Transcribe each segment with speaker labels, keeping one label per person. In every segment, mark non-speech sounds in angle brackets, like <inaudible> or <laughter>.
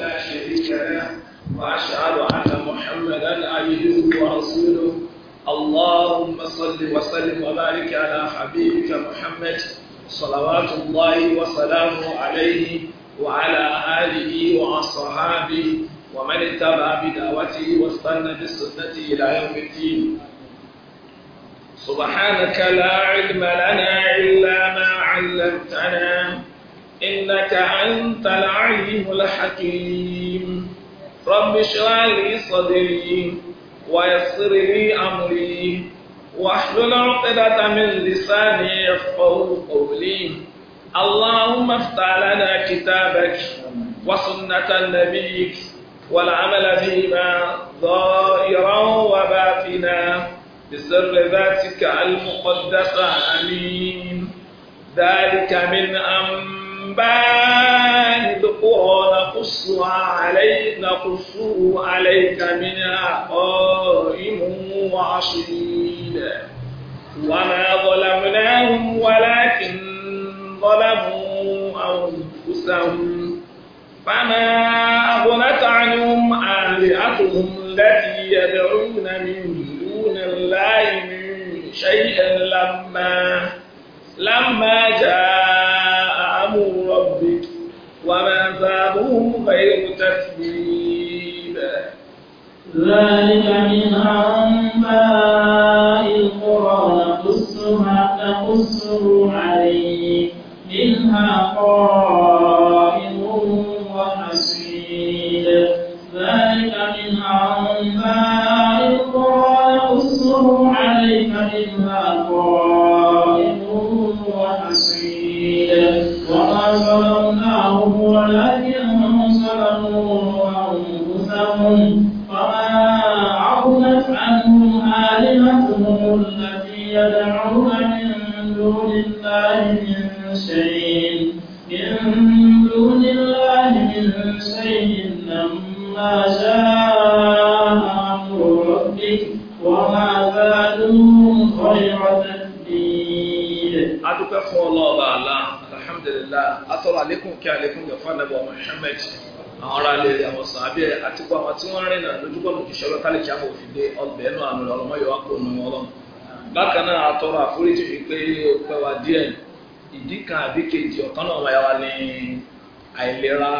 Speaker 1: لا شريك له وأشهد أن محمدا عبده ورسوله اللهم صل وسلم وبارك على حبيبك محمد صلوات الله وسلامه عليه وعلى آله وأصحابه ومن اتبع بدعوته واستنى بسنته إلى يوم الدين سبحانك لا علم لنا إلا ما علمتنا إنك أنت العليم الحكيم رب اشرح لي صدري ويسر لي أمري واحلل عقدة من لساني يفقه قولي اللهم افتح لنا كتابك وسنة نبيك والعمل فيما ظاهرا وباطنا بسر ذاتك المقدسة آمين ذلك من أمر بعد القرى نقصها عليك نقصه عليك من قائم وعشيد وما ظلمناهم ولكن
Speaker 2: ظلموا
Speaker 1: أنفسهم فما أغنت عنهم آلهتهم التي يدعون من دون الله
Speaker 2: من
Speaker 1: شيء لما لما جاء وما ثابهم غير تكذيب ذلك من
Speaker 3: أنباء القرى نقصها تقصه عليك منها قائم وحسيد ذلك من أنباء القرى نقصه عليك منها قائم وحسيد وما تدعون من دون الله من شيء من دون الله من شيء لما جاء أمر ربك وما زادوا غير
Speaker 1: تتبيد أدوك الله بألا الحمد لله أترى عليكم كعليكم يفعل أبو محمد àwọn ará ilé àwọn sàábì àti gbogbo àwọn tí wọ́n rìnrìn àjò lójúbọ̀nù kìí ṣọlọ́tàlẹ̀ kí a kò fi dé ọgbẹ́ náà àmì ọlọ́mọ yòókù nù ọlọ́run bákan náà atọ́rọ àforíjì wípé ó pẹ́ wá díẹ̀ ìdí kan àbí kejì ọ̀kan náà wáyà wá ní àìlera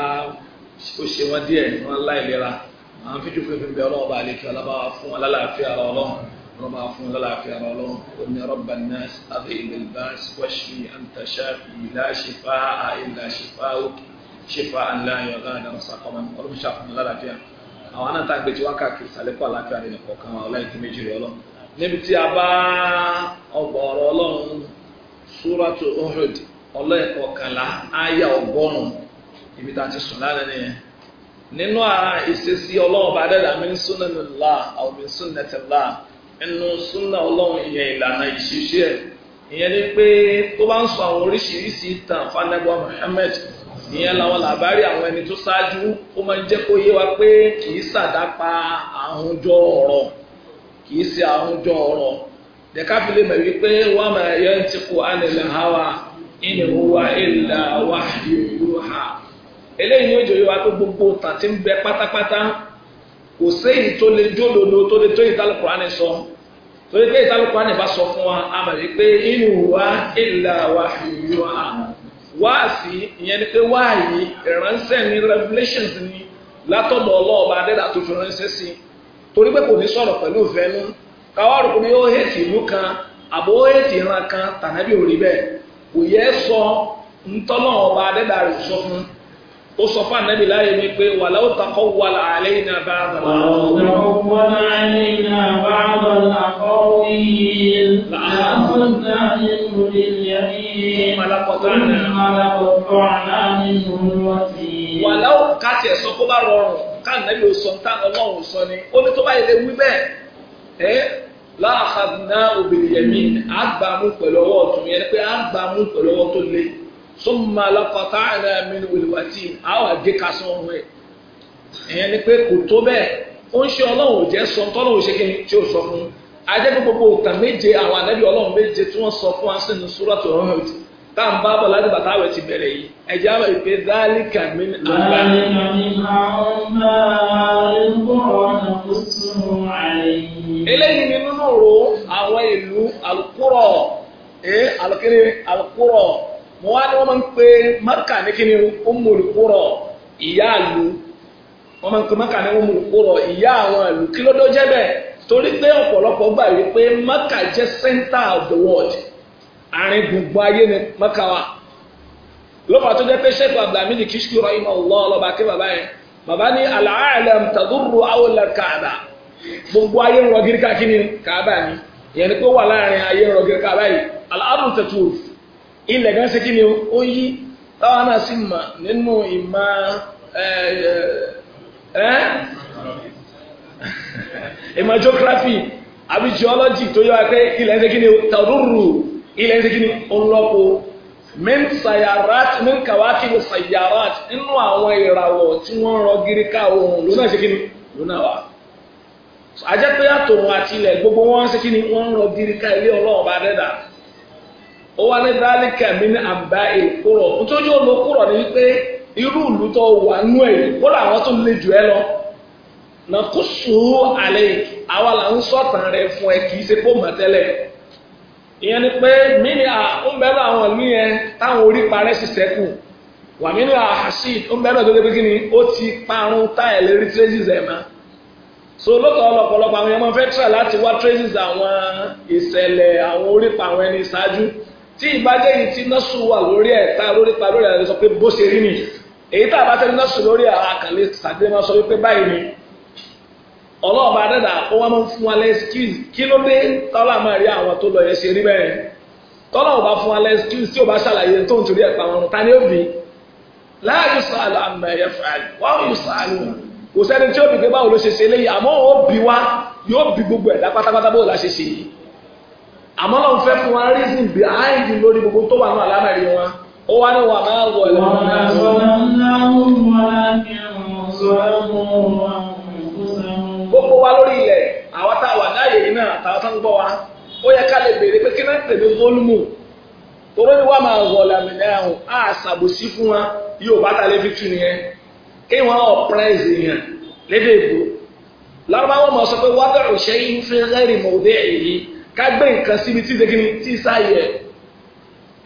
Speaker 1: ó ṣe wọ́n díẹ̀ wọ́n láìlera àwọn fíjú fífi bẹ ọlọ́run bá lè kí ọlọ́ba fún wọn lálàáfíà ara ọlọ́run ọlọ́ba fún wọn lálàáfíà ara ọlọ́run ó ní rabban nas adhhib al-ba's washfi anta shafi la shifaa'a illa shifaa'uk shifaa'an la yughadiru saqaman ọlọ́run ṣàfihàn lálàáfíà àwọn anáta gbèjì wákàkiri sàlẹ́kọ̀ọ́ níbi tí a bá ọgbọ̀ọ̀rọ̀ ọlọ́run súrọ́tù Uhud ọlọ́ọ̀kànlá àyà ọgọ́rùn-ún ibi tá a ti sùn lálẹ́ nìyẹn nínú ìṣesí ọlọ́run bá dẹ́dà min sunnanillah ẹnu súnà ọlọ́run ìyẹn ìlànà ìṣiṣẹ́ ẹ̀ ìyẹn ni pé tó bá ń sọ àwọn oríṣiríṣi ìtàn ìyẹn làwọn làbárí àwọn ẹni tó ṣáájú ó máa ń jẹ́ kó yé wa pé kì í kì í ṣe àwùjọ ọ̀rọ̀ dẹ̀ka fi lè mọ̀ wípé wọ́n máa yẹ ń ti kó anilẹ̀ hawa in huwa illa wahyu yuha eléyìí ni ó jòyè wa pé gbogbo tàn ti ń bẹ pátápátá kò séyìí tó lè jólòdò tó lè tó ìtàlùkù ránì sọ torí pé ìtàlùkù ránì bá sọ fún wa a mọ̀ wípé in huwa illa wahyu yuha wáàsí ìyẹn ni pé wáàyí ìránṣẹ́ ni revelations ni látọ̀dọ̀ ọlọ́ọ̀bá adẹ́dà torí pé kò ní sọ̀rọ̀ pẹ̀lú ìfẹ́nu káwá rò pé ó hètì ìlú kan àbó ó hètì ìran kan tànàbí ò rí bẹ́ẹ̀ kò yẹ sọ ntọ́nà ọba adẹ́dà rẹ̀ sọ fún ó sọ fún ànábì láyé mi pé wà láwù takọ wà láàlẹ́ yìí náà bá àgbà. wà láàlẹ́ yìí náà bá àgbà
Speaker 3: náà ní ìmúlẹ̀ yẹn. malakọ̀tà náà. malakọ̀tà
Speaker 1: náà ní ìmúlẹ̀ wọ́n ti. wà láwù ká tiẹ̀ sọ kó bá rọrùn kánàbí ò sọ nǹkan ọlọ́run sọ ni ó ní tó bá yẹ lè wí bẹ́ẹ̀ ẹ́ láàkàdúná obìnrin yẹmí àgbàmú pẹ̀lú ọwọ́ ọ̀tún yẹn pé àgbàmú pẹ̀lú ọwọ́ tó le sọmọ alákọ̀tà ẹ̀rọ mi ni olùwàtí àwọn àgékà sọ ọ̀hún ẹ̀ ẹ̀yẹn ni pé kò tó bẹ́ẹ̀ ó ń ṣe ọlọ́run ò jẹ́ sọ tọ́lọ́run ṣe kí ni tí ò sọ fún ajẹ́ gbogbo òkà méje àwọn ànábì ọlọ́run méje tí wọ́n sọ fún wa sínú súrọ̀tù ọ̀hún ọ̀dùn tá à ń bá bọ̀ láti bàtà àwẹ̀ ti bẹ̀rẹ̀ yìí ẹ̀jẹ̀ àwọn ìpè dálí kàmí lọ́gbà. eléyìí ni nínú ro àwọn ìlú alukúrọ̀ ẹ alukiri alukúrọ̀ mo wá ní wọ́n máa ń pe maka ní kíni umulukúrọ̀ ìyá ìlú wọ́n máa ń pe maka ní umulukúrọ̀ ìyá àwọn ìlú kí ló dó jẹ́ bẹ́ẹ̀ torí pé ọ̀pọ̀lọpọ̀ gbà wípé maka jẹ́ center of the world àárín gbogbo ayé ni mọ́kà wà lọ́pàá tó jẹ́ pé sẹ́kù abdulhamidi kìsìkì rọ ìmọ̀ ọ̀lọ́ ọlọ́ba kí bàbá yẹn bàbá ní aláàlẹ̀ tàdúrù àwòlẹ̀ kààbà gbogbo ayé ń rọgírí káàkiri kààbà ni ìyẹn ni pé wà láàrin ayé ń rọgírí kààbà yìí aláàbùn tẹ̀tù ilẹ̀ gan ṣe kí ni ó yí táwa náà sì mà nínú ìmọ̀ <laughs> ìmọ̀ geography àbí geology tó yọ akẹ́ ilẹ̀ ṣe kí ni tàdúrù ilẹ̀ ṣe kí ni ọlọ́pọ̀ min kàwákì ní nínú àwọn ìràwọ̀ tí wọ́n rọ gírí ohun ló náà ṣe wa ni pé àtòun àti ilẹ̀ gbogbo wọn ṣe kí ni wọ́n rọ gírí ilé ọlọ́run dẹ́dà ó wá ní dálíkà mi ní àbá èkúrọ̀ nítorí ni wípé irú ìlú tó wà nú ẹ̀ le ìyẹn ni pé mini a ń bẹ́ẹ̀ náà àwọn ìlú yẹn táwọn orí parẹ́ sì sẹ́kù wà mini a hasid ń bẹ́ẹ̀ náà tó débi kíni ó ti parun táyà lérí traces ẹ̀ ma so lóòótọ́ ọlọ́pọ̀lọpọ̀ àwọn èèyàn fẹ́ try láti wá traces àwọn ìṣẹ̀lẹ̀ àwọn orípa àwọn ẹni ìṣáájú tí ìbájẹ́ yìí tí nọ́ọ̀sù wà lórí ẹ̀ tá lórí pa lórí ẹ̀ sọ pé bó ṣe rí nìyí èyí tá a bá tẹ́lẹ̀ nọ́ọ̀sù lórí àkàlẹ́ sàdé ọlọ́ọ̀bá dẹ́dà ó wá máa ń fún wa lẹ́skíùs kí ló dé tọ́lá máa rí àwọn tó lọ yẹn ṣe rí bẹ́ẹ̀ tọ́lá ò bá fún wa lẹ́skíùs tí ò bá ṣàlàyé tó ń torí ẹ̀ pa wọn ta ni ó bì í láàyè sàlù àmà ẹ̀yẹ fàálù wọ́n mú sàlù kò sẹ́ni tí ó bì pé báwo ló ṣe ṣe léyìí àmọ́ ó bì wá yóò bì gbogbo ẹ̀dá pátápátá bó la ṣe ṣe yìí àmọ́ lọ́n fẹ́ fún wa reason behind lórí gbogbo tó wà ní àlámẹ̀rí wọn ó wá ní wà máa wọ̀ ẹ̀
Speaker 3: lọ́wọ́
Speaker 1: wá lórí ilẹ̀ àwọn tá a wà láàyè yìí náà àtàwọn tó ń gbọ́ wa ó yẹ ká lè béèrè pé kí náà tẹ̀lé fólúmù toró ni wọ́n máa rọ̀ làmìnà ẹ̀hún á ṣàbòsí fún wa yóò bá ta lè fi tu nìyẹn kí wọ́n ọ̀pẹ́rẹ́sì yẹn lédè èbó lárúbáwọ̀ mọ̀ sọ pé wọ́dọ̀ òṣè yín fi rẹ́rì mọ̀ òde èyí ká gbé nǹkan síbi tí ìdè kìíní tí ìsáyẹ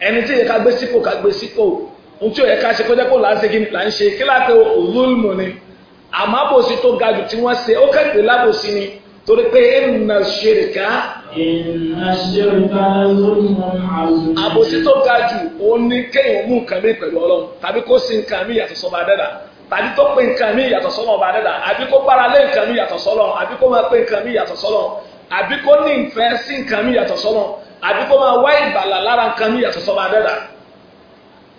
Speaker 1: ẹni tí ìyẹ ká gbé sípò ká gbé sípò àmàbòsí tó ga jù tí wọ́n ṣe ó kẹ́pẹ́ lábòsí ni torí pé ẹnà ṣèrìkà àbòsí tó ga jù òun ní kéèyàn mú nǹkan mi pẹ̀lú ọlọ́run tàbí kó sin nǹkan mi yàtọ̀ sọ́ba dẹ́dà tàbí tó pe nǹkan mi yàtọ̀ sọ́lọ́ ọba dẹ́dà àbí kó gbára lé nǹkan mi yàtọ̀ sọ́lọ́ àbí kó máa pe nǹkan mi yàtọ̀ sọ́lọ́ àbí kó ní ìfẹ́ sí nǹkan mi yàtọ̀ sọ́lọ́ àbí kó máa wá ìgbàlà lára nǹkan mi yàtọ̀ sọ́ba dẹ́dà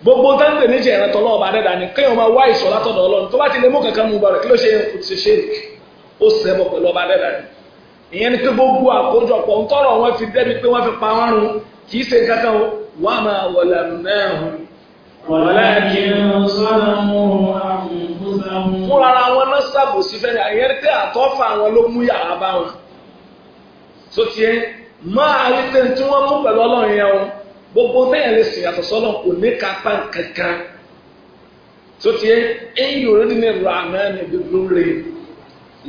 Speaker 1: gbogbo táǹpẹ̀ méjì ẹ̀ràn tọ́lọ́ ọba dẹ́dà ni kéèyàn máa wá ìṣọ́ látọ̀dọ̀ ọlọ́run tó bá ti lè mú kankan mú bọ̀rẹ̀ kí ló ṣe kò ti ṣe ó sẹ́bọ̀ pẹ̀lú ọba dẹ́dà ni ìyẹn ni pé gbogbo àkójọpọ̀ ń tọrọ wọn fi débi pé wọ́n fi pa wọ́n run kì í ṣe kankan o wọ́n máa wọlé náà hùn. wọlé kí n sọ́nà mú àmúgbùsàmù. fúnra ara wọn náà ṣàbòsí fẹ́rẹ̀ mú yàrá gbogbo tẹ́yàn lè sìn yàtọ̀ sọ́lọ̀ kò ní ká pa kankan tó ti yẹ ẹ̀yìn òrèdí ní ìrọ̀ àná ní gbogbo rẹ̀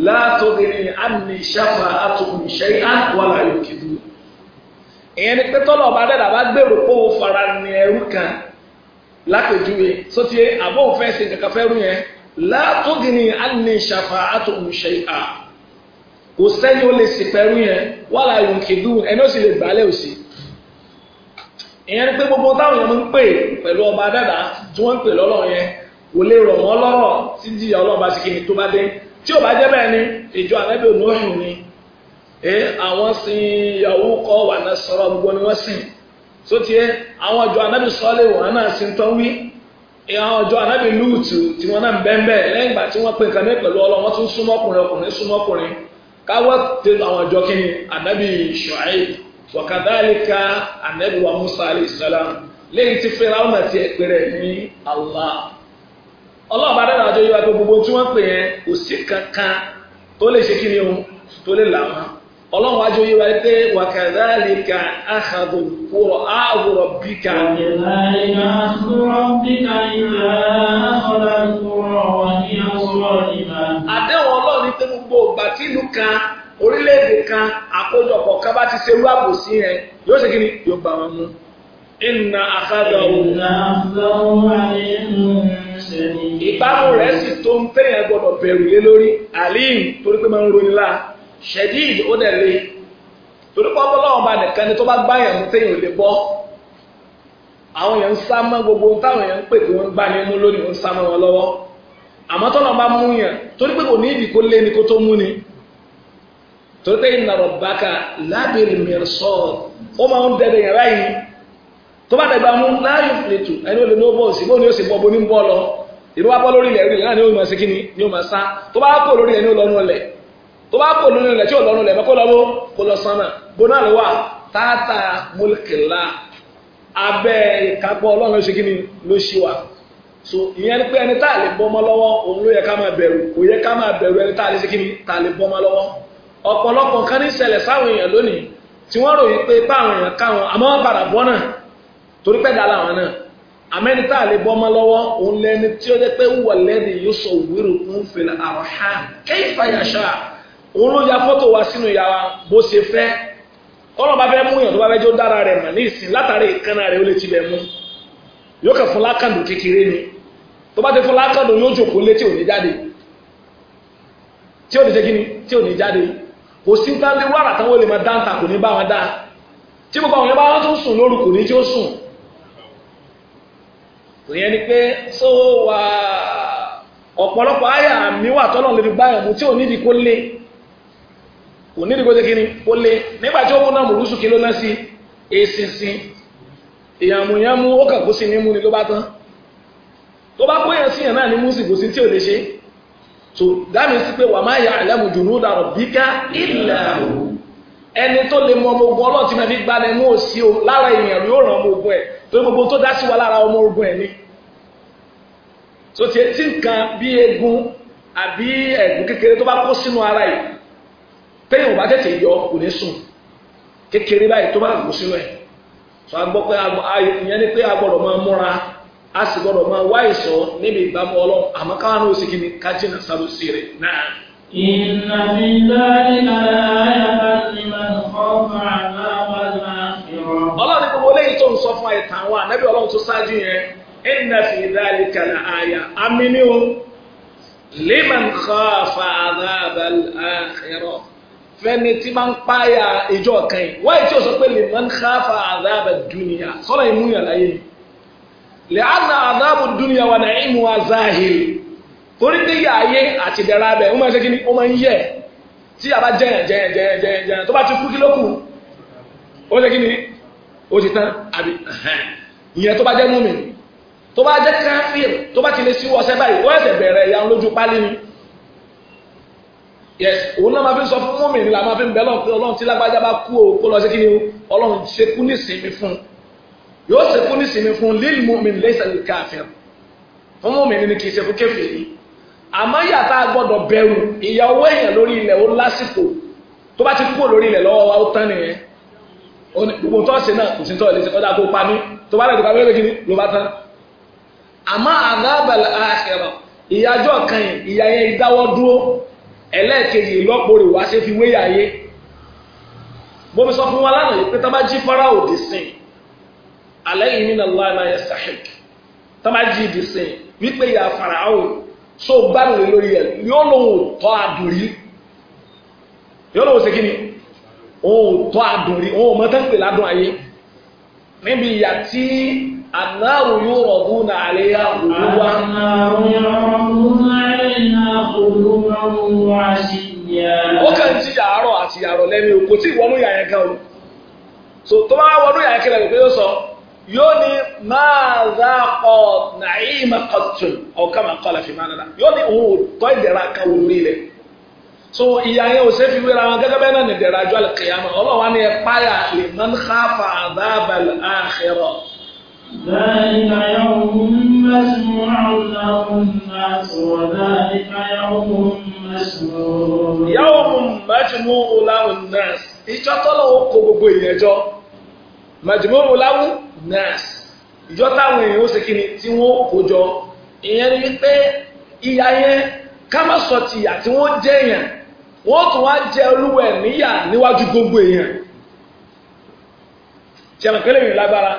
Speaker 1: látòbìnrin àmì ìṣàfà àtòkùn ìṣe àwàlà ìkìdú ìyẹn ni pé tọ́lọ̀ ọba dẹ́dà bá gbèrò pé òun fara ní ẹrú kan lápèjúwe tó ti yẹ àbọ̀ òun fẹ́ kankan fẹ́ rú yẹn látòbìnrin àmì ìṣàfà àtòkùn ìṣe à kò sẹ́yìn ó lè sì pẹ̀rú yẹn wàlà ìkìdú ẹni ó sì lè gbàlẹ́ òsì ìyẹn ni pé gbogbo táwọn èèyàn ń pè pẹ̀lú ọba dàdà tí wọ́n ń pè lọ́lọ́run yẹn kò lè rọ̀ wọ́n lọ́rọ̀ tí jìyà ọlọ́run bá sì ni tó bá dé tí ò bá jẹ́ bẹ́ẹ̀ ni ìjọ àrẹ́bẹ̀ ònúhùn ni àwọn sin ìyàwó kọ́ wà náà sọ̀rọ̀ gbogbo ni wọ́n sìn tó ti yẹ àwọn ìjọ ànábì sọ́ọ́lẹ̀ wọn náà sin tán wí àwọn ìjọ ànábì lúùtù tí wọ́n náà ń bẹ́ẹ̀ bẹ́ẹ̀ lẹ́yìn ìgbà tí wọ́n pe nǹkan ní pẹ̀lú ọlọ́run wọ́n tún súnmọ́kùnrin ọkùnrin súnmọ́kùnrin káwọ́ tẹ àwọn ìjọ kí ni ànábì Ṣuaib wakadhalika anabi wa musa alayhi salam lẹ́yìn tí Fáráò àti ẹ̀pẹ̀rẹ̀ ní allah ọlọ́ọ̀bá dára àjọ yíwa pé gbogbo tí wọ́n pè yẹn kò sí kankan tó lè ṣe kí ni o tó lè làwọn ọlọ́run àjọ yíwa pé wakadhalika akhadhu qur'an rabbika. wakadhalika
Speaker 3: akhadhu rabbika
Speaker 1: idha akhadha al-qura wa hiya zalimah. àdéhùn ọlọ́run ní gbogbo ìgbà ìlú kan orílẹ̀-èdè kan lọ́dọ̀ kọ̀ọ̀kan bá ti ṣe irú àbòsí yẹn yóò ṣe kí ni yóò gbà wọn mú. Inna àkàdọ̀ ìbámu rẹ̀ sì tó ń tẹ̀yàn gbọ́dọ̀ bẹ̀rù lé lórí alim torí pé máa ń roni la shedid ó dẹ̀ lé torí pé ọlọ́run bá nìkan ni tó bá gbá yẹn mú tẹ̀yàn ò lè bọ́ àwọn yẹn ń sá mọ́ gbogbo táwọn yẹn ń pè pé wọ́n gbá ní mú lónìí wọ́n sá mọ́ wọn lọ́wọ́ àmọ́ tọ́lọ́ bá mú yẹn torí pé kò ní ìdí kó lé ni kó tó mú ni torí pé ìnàrọ̀ bàkà lábẹ́rẹ̀ mẹ́rẹ̀sọ́ ó máa ń dẹ̀dẹ̀ yàrá yìí tó bá dẹ̀gbà mú láàyò fìlẹ̀tù ẹni ó lè ní ó bọ̀ sí bó ni ó sì bọ́ bo ní bọ́ lọ ìlú wa bọ́ lórí ilẹ̀ orí ilẹ̀ náà ni ó máa ṣe kíni ni ó máa sá tó bá kó lórí ilẹ̀ ni ó lọ́nu ọlẹ̀ tó bá kó lórí ilẹ̀ tí ó lọ́nu ọlẹ̀ mọ́ kó lọ́wọ́ kó lọ sánmà gbóná ló wà táàtà múlùkìlá abẹ́ ìkápọ̀ ọlọ́run ló ṣe kíni ló ṣì wà so ìyẹn ni pé ẹni tá a lè bọ́ ọmọ lọ́wọ́ òun ló yẹ ká máa bẹ̀rù ọ̀pọ̀lọpọ̀ nǹkan ní ṣẹlẹ̀ sáwọn èèyàn lónìí tí wọ́n rò wípé báwọn èèyàn káwọn àmọ́ wọ́n padà bọ́ náà torí pẹ́ dà láwọn náà àmẹ́ni tá lè bọ́ ọmọ lọ́wọ́ òun lẹni tí ó jẹ́ pé wúwọ̀ lẹ́ni yóò sọ òwúrò fún fèlè àròhà kayfa yasha òun ló ya fọ́tò wa sínú ìyá wa bó ṣe fẹ́ ọlọ́run bá fẹ́ mú yàn tó bá fẹ́ jó dára rẹ̀ mà ní ìsìn látàrí ìkànnà rẹ̀ ó lè ti bẹ̀ mú yóò kẹ́ fún lákàndù kékeré ni tó bá ti fún lákàndù yóò jòkó lé tí ò ní jáde tí ò ní jẹ́ kí ni tí ò ní jáde kò si tábí wàrà táwọn olè máa dáńtà kò ní bá wọn dá tí gbogbo àwọn ìyẹ́bá wọn tó sùn lóru kò ní tí ó sùn kò yẹ ni pé so wà ọ̀pọ̀lọpọ̀ àyà mi wà tọ́lọ̀ lè fi báyọ̀ mú tí ò nídìí kó lé kò nídìí kó dékìní kó lé nígbà tí ó kún náà mùrúsù kí ló ná sí ó ní mú ni ló bá tán tó bá kó yẹn sí yẹn náà ní mú so dáàmì sí pé wà máa yà àlẹ́mù jùlọ dàrọ̀ bí ká ilẹ̀ ẹni tó lè mọ ọmọ ogun ọlọ́ọ̀tí máa fi gbalẹ̀ mú òsì o lára èèyàn yóò ràn ọmọ ogun ẹ̀ torí gbogbo tó dá sí wa lára ọmọ ogun ẹ̀ ni so tí etí nǹkan bí egun àbí ẹ̀gún kékeré tó bá kó sínú ara yìí téèyàn ò bá tètè yọ kò ní sùn kékeré báyìí tó bá kó sínú ẹ̀ so agbọ́ pé ìyẹn ni pé agbọ́dọ̀ máa múra a sì gbọ́dọ̀ máa wá ìsọ níbi ìbámu ọlọ́run àmọ́ káwọn ó sì kí ni ká jìnnà sáró sí rẹ̀ náà. ìnà
Speaker 3: mi lórí lára ayára ti máa ń kọ́ fún àná wàlá
Speaker 1: ìrọ̀. ọlọ́run gbogbo léyìí tó ń sọ fún ẹ̀tàn àwọn ànábì ọlọ́run tó ṣáájú yẹn ìnà fi dáàlì kàlà àyà àmì ni ó lèman khafa àdábàl àkẹrọ fẹni tí máa ń páyà ìjọ kan yìí wáyé tí ó sọ pé lèman khafa àdábàl dúnìyà sọ́dọ̀ ìmúyàn láyé lẹ́hànà àdáàbò dúnìyà wà náà ìmú azáhìl torí pé yà ayé àti dẹ̀ra abẹ ó máa ṣe kí ni ó máa ń yẹ tí a bá jẹyàn jẹyàn jẹyàn jẹyàn jẹyàn tó bá ti kú kí ló kù ó ṣe kí ni ó ti tán àbí ìyẹn tó bá jẹ́ múmi tó bá jẹ́ káfíìn tó bá ti lè sí wọ́sẹ́ báyìí ó bẹ̀rẹ̀ yes òun náà máa fi sọ fún múmi ni la máa fi bẹ́ẹ̀ lọ́n pé ọlọ́run tí lágbájá bá yóò sẹ́kù ní sinmi fún lílì mọ́mìn lẹ́sẹ̀ ní káfíìn fún mọ́mìn ní kì í sẹ́kù kẹfì yìí àmọ́ yàtá gbọ́dọ̀ bẹ̀rù ìyàwó èèyàn lórí ilẹ̀ ó lásìkò tó bá ti kúrò lórí ilẹ̀ lọ́wọ́ wa ó tán nìyẹn gbogbo tó ṣe náà kò sí tó ẹlẹ́sẹ̀ kọ́dá kó pamí tó bá lẹ́dọ̀ pamí lẹ́dọ̀ kí ló bá tán àmọ́ àdábàlẹ̀ àṣẹrọ̀ ìyájọ́ kan yìí ìyá yẹn ìdáwọ́ dúró ẹlẹ́ẹ̀kejì ìlọ́po rẹ̀ wá ṣe fi wéyà yé bómi sọ fún wa lánàá yìí pé tá bá jí fáráò dì sìn alayhi min Allah ma yastahiq tọ́májì ìdìsìn wípé ìyá Fáráò so gbárùn lórí ẹ̀ yóò lóun tọ́ àdùrí yóò lóun ṣe ni òun tọ́ àdùrí òun mọ́tẹ́ ń pè ládùn ayé níbi ìyà tí anáàrù yóò rọ̀bù nà àléyà òwúwa.
Speaker 3: anáàrù yóò
Speaker 1: ó kàn àti o. tó wọnú yẹn pé sọ. yóò ní máa záàkọ̀ nàìmà kọ̀tùn ọ̀kàmà kọ́lá fi máa nana yóò ní òun tọ́ ìdẹ̀ra kan wò lórí rẹ̀ so ìyá yẹn ò ṣe fi wéra wọn gẹ́gẹ́ bẹ́ẹ̀ náà ní ìdẹ̀ra ajọ́ àlùkìyàmọ̀ ọlọ́run ni ẹ páyà lè máa ń káfà àdáàbà àkẹrọ. ذلك
Speaker 3: يوم مسموع
Speaker 1: له الناس وذلك يوم مسموع يوم مسموع له الناس ìjọ tọ́lọ́wọ́ kó gbogbo ìyẹn jọ màjìmọ́ ọ̀làwù nọ́ọ̀sì ìjọ táwọn èèyàn ó ṣe kí ni tí wọ́n kó jọ ìyẹn ni pé ìyá yẹn ká má sọ ti ìyà tí wọ́n jẹ́ èèyàn wọ́n tún wá jẹ olúwẹ̀ níyà níwájú gbogbo èèyàn jẹ̀mọ̀kẹ́lẹ́ yìí lágbára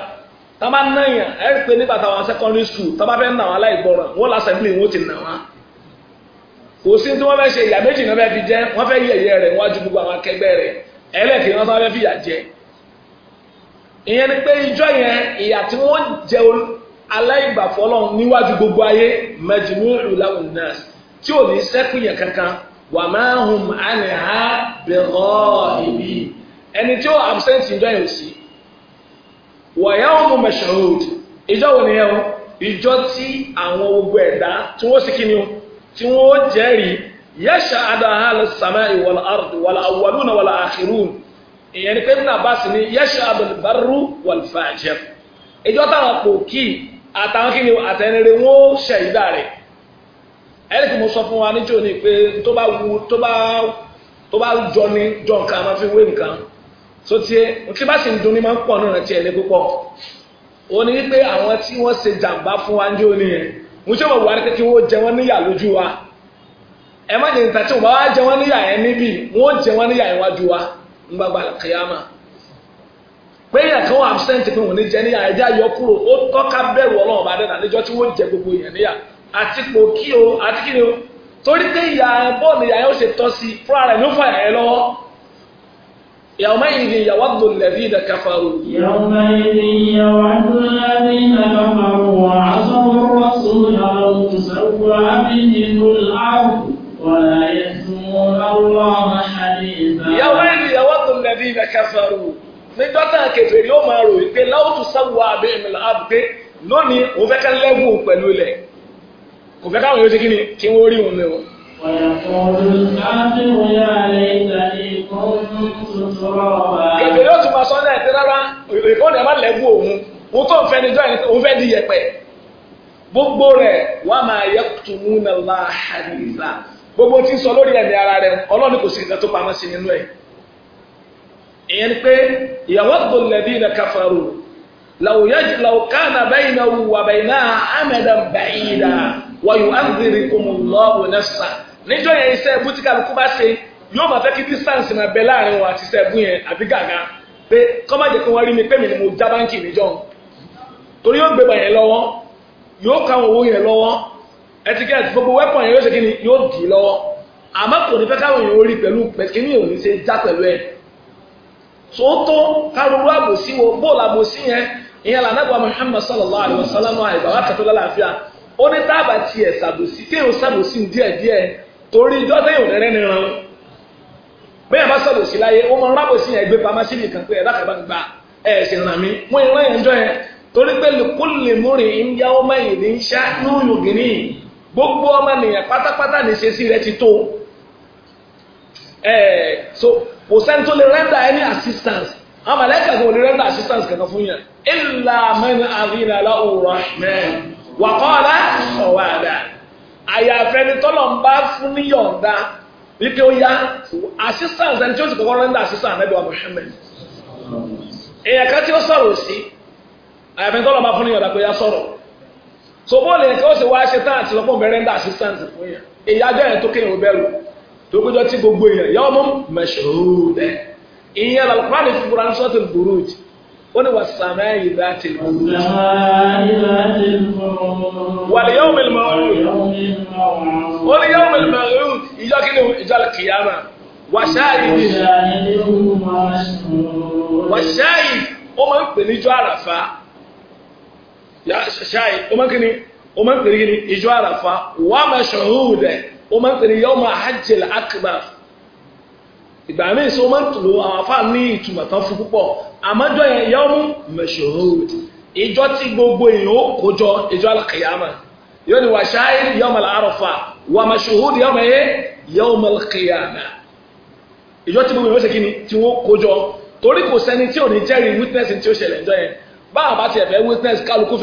Speaker 1: tá a bá ná èèyàn ẹ̀ pé nígbà táwọn secondary school tá a bá fẹ́ nà wọn aláìgbọràn wọn lásẹ̀mílì wọn ti nà wọn kò sí tí wọ́n fẹ́ ṣe ìyà méjì náà fẹ́ fi jẹ wọ́n fẹ́ yẹ̀yẹ́ rẹ̀ níwájú gbogbo àwọn akẹgbẹ́ rẹ̀ ẹlẹ́kẹ̀ẹ́ wọn fẹ́ fìyà jẹ ìyẹn ni pé ìjọ yẹn ìyà tí wọ́n jẹ aláìgbàfọ́ ọlọ́run níwájú gbogbo ayé mẹjìmú ìlànà nurse tí ò ní sẹ́kù yẹn kankan wà máa hùm àní ha bẹ̀rọ ìbí ẹni tí ó absent ìjọ yẹn ò sí wọ̀nyẹ́ wọn mú mẹ̀ṣọ̀rọ̀d ìjọ wo nìyẹn o ìjọ tí àwọn gbogbo ẹ̀dá tí wọ́n sì kí ni tí wọ́n jẹ́rìí yẹ́ṣà adáhà lè sàmẹ́ ìwọ̀lá àrùn wàlá àwọ̀lú náà wàlá àkìrún ìyẹn ni pé Ibn Abbas ní yash'abul barru wal fajir ìjọ táwọn kò kí àtàwọn kí ni àtẹnirẹ wọn ó ṣẹ̀yìndà rẹ̀ ẹni tí mo sọ fún wa níjó ni pé tó bá wu tó bá tó bá jọ ní jọ nǹkan máa fi wé nǹkan tó tiẹ̀ tí bá sì ń dunni máa ń pọ̀ náà tiẹ̀ lé púpọ̀ ó ní pé àwọn tí wọ́n ṣe jàǹbá fún wa níjó nìyẹn mo ṣe mọ̀ wá ní kí wọ́n jẹ wọ́n níyà lójú wa
Speaker 2: ẹ má jẹ́ níta tí wọ́n bá wá jẹ wọ́n níyà
Speaker 1: yẹn níbí wọ́n jẹ wọ́n níyà yẹn wa ńgbàgbà kìyàmà pé yẹn kan wà absent pé wọn ní jẹ níyà ẹjẹ ayọ kúrò ó tọ́ka bẹ̀rù ọlọ́run ọba dẹ́ta níjọ́ tí wọ́n jẹ gbogbo yẹn níyà àti pò kí o àti kí ni o torí pé ìyá bọ́ọ̀lù ìyá yóò ṣe tọ́ sí fúnra rẹ̀ ló fà ẹ̀ lọ́wọ́ ìyàwó mẹ́yìn ni ìyàwó àdùn lẹ́bí ìdá káfà o. ìyàwó mẹ́yìn ni ìyàwó àdùn lẹ́bí ìdá káfà o wà á sọ̀rọ̀
Speaker 3: wá sóyà òkùnsẹ̀wò àbíyẹnù láàbù wà láyé fún ọlọ́run àdìyẹ. ìyàwó mẹ́yìn ni ìyàwó
Speaker 1: lẹ́bí ibẹ̀ káfàrú nígbà náà kẹfẹ́rì ó máa rò wípé láwùjọ sáwùwà àbẹ ìmìlá àbẹ lónìí òun fẹ́ ká lẹ́bù pẹ̀lú ilẹ̀ kò fẹ́ káwọn yóò ṣe kí ni kí wọ́n rí òun lẹ́wọ̀.
Speaker 3: kẹfẹ́rì ó tún máa sọ náà
Speaker 1: rárá ìkọ́ni ẹ̀ má lẹ́bù òun òun tó ń fẹ́ ni jọ́ ẹni òun fẹ́ di yẹpẹ̀ gbogbo rẹ̀ wà máa yẹ tùmú náà láhàdìsá gbogbo tí ń sọ lórí ẹ̀mí ara rẹ̀ ọlọ́run kò sí nǹkan tó pamọ́ sí nínú ẹ̀ ìyẹn ni pé yawaddu alladhina kafaru law kana baynahu wa baynaha amadan ba'ida wa yu'adhdhirukumullahu nafsa níjọ́ yẹn iṣẹ́ ẹ̀bú tí kálukú bá ṣe yóò máa fẹ́ kí distance máa bẹ láàrin wọn àti iṣẹ́ ẹ̀bú yẹn àbí gàgà pé kọ́ má jẹ́ kí wọ́n rí mi pé mi ni mo já báńkì níjọ́ torí yóò gbé bàyẹn lọ́wọ́ yóò káwọn owó yẹn lọ́wọ́ etiquette gbogbo weapon yẹn yóò ṣe kí ni yóò dì lọ́wọ́ àmọ́ fẹ́ káwọn èèyàn ó pẹ̀lú pẹ̀kínní òní ṣe já pẹ̀lú ẹ̀ tòótọ́ kárùrú àbòsí wo bóòlù àbòsí yẹn ìyẹn lànàgbà Muhammad sallallahu alayhi wa sallam àìbá wa kàtó lálàáfíà ó ní táàbà tiẹ̀ ya kéèyàn sàbòsí díẹ̀ díẹ̀ torí ijọ́ téèyàn rẹ̀ ní ran bẹ́ẹ̀ bá sàbòsí láyé ó mọ rábòsí yẹn gbé pamọ́ síbi kan pé ẹ̀dá kàbá gba ẹ̀ sì ràn mí wọ́n ìran yẹn jọ ya tori pe gbogbo so kò sẹ́ni tó lè rẹ́ndà any assistance àwọn màláíkà kò lè rẹ́ndà assistance kankan fún yàn ilà mẹ́ni àríyìnà aláwòrán mẹ́rin wàkọ́ọ̀lá ọ̀wọ́ àdá àyàfẹ́ni tọ́lọ̀ ń bá fún níyọ̀ǹda wípé ó yá assistance ẹni tí ó ti kọ́kọ́ rẹ́ndà assistance ẹ̀dọ̀ Muhammad èèyàn kan tí ó sọ̀rọ̀ sí àyàfẹ́ni tọ́lọ̀ ń bá fún níyọ̀ǹda pé yá sọ̀rọ̀ so bóòlù ẹ̀ka ó sì wá ṣe tán àti lọ́pọ̀ bẹ́ẹ̀ rẹ́ndà assistance fún yàn èyí ajọ́ yẹn tó kéèyàn ó bẹ̀rù tó gbẹjọ tí gbogbo èèyàn yà ọmọ mẹṣọọdẹ ìyẹn Al-Qur'an fi Qur'an Suratul Buruj ó ní wàsàmẹ ìdá ti buruj.
Speaker 3: wal yawmil maw'ud ó ní yawmil maw'ud
Speaker 1: ìjọ kí ni ìjọ kìyàmà wàṣáàyì wàṣáàyì ó máa ń pè níjọ àràfà ṣáàyì ó máa ń pè ní ìjọ àràfà wàmẹṣọọdẹ ó máa ń pè ní yọ́mà hajjil akbar ìgbà míì sí ó máa ń tùlù àwọn afá ní ìtumọ̀ tán fún púpọ̀ àmọ́jọ́ yẹn yọ́mù mashhud ìjọ tí gbogbo èèyàn ó kójọ ìjọ alkiyama yóò ní wà ṣááyé yọ́mà àrọ̀fà wà mashhud yọ́mà eh, yẹ yọ́mà alkiyama ìjọ tí gbogbo èèyàn ó ṣe kíni tí wọ́n kójọ torí kò sẹ́ni tí ò ní jẹ́rìí witness tí ó ṣẹlẹ̀ ìjọ yẹn báwa bá tiẹ̀ fẹ́ witness kálukú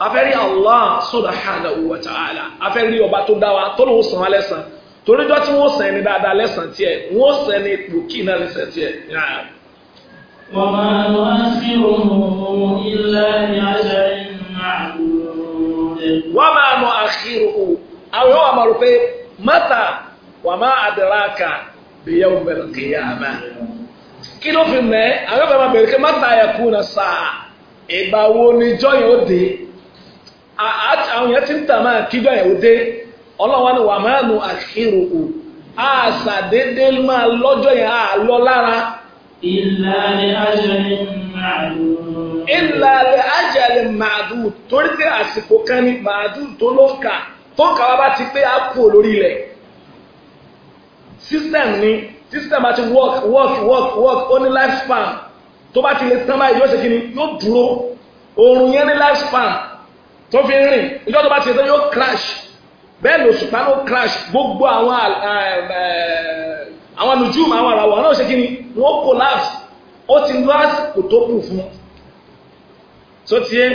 Speaker 1: afẹ́rí Allah subhanahu wa ta'ala afẹ́rí ọba tó dá wa tó lóun sàn án lẹ́sàn toríjọ́ tí wọ́n sàn ẹni dáadáa lẹ́sàn tiẹ̀ wọ́n sàn ẹni ipò kí náà lẹ́sàn
Speaker 2: tiẹ̀.
Speaker 3: wa ma nu'akhiruhu illa li
Speaker 1: ajalin ma'dud. wa ma nu'akhiruhu àwọn yóò wà máa rò pé mata wa ma adraka bi yawmil qiyamah kí ló fi mẹ́ àwọn yóò fẹ́ máa bẹ̀rẹ̀ pé mata yakuna sa'a ìgbà wo ni jọ́yìn dé àwọn yẹn ti ń tàn máa kígbà yẹn ó dé ọlọ́wọ́n ni wà máa nu àkírò o àṣàdédé máa lọ́jọ́ yẹn á lọ lára. ìlà ni ajalin ma'dud. ìlà ni ajalin ma'dud torí pé àsìkò kan ni ma'dud tó ló kà tó kà wá bá ti pé á kú lórí ilẹ̀ system ni system àti work work work work ó ní life span tó bá ti lè tán báyìí yóò ṣe kí ni yóò dúró oorun yẹn ní life span tó fi ń rìn ìjọ́ tó bá ti ṣe tán yóò crash bẹ́ẹ̀ lò ṣùpá ló crash gbogbo àwọn eh, eh, àwọn nùjúùmù àwọn àràwọ̀ náà ṣe kí ni wọ́n collapse ó ti lọ àsìkò tó kù fún so ti yé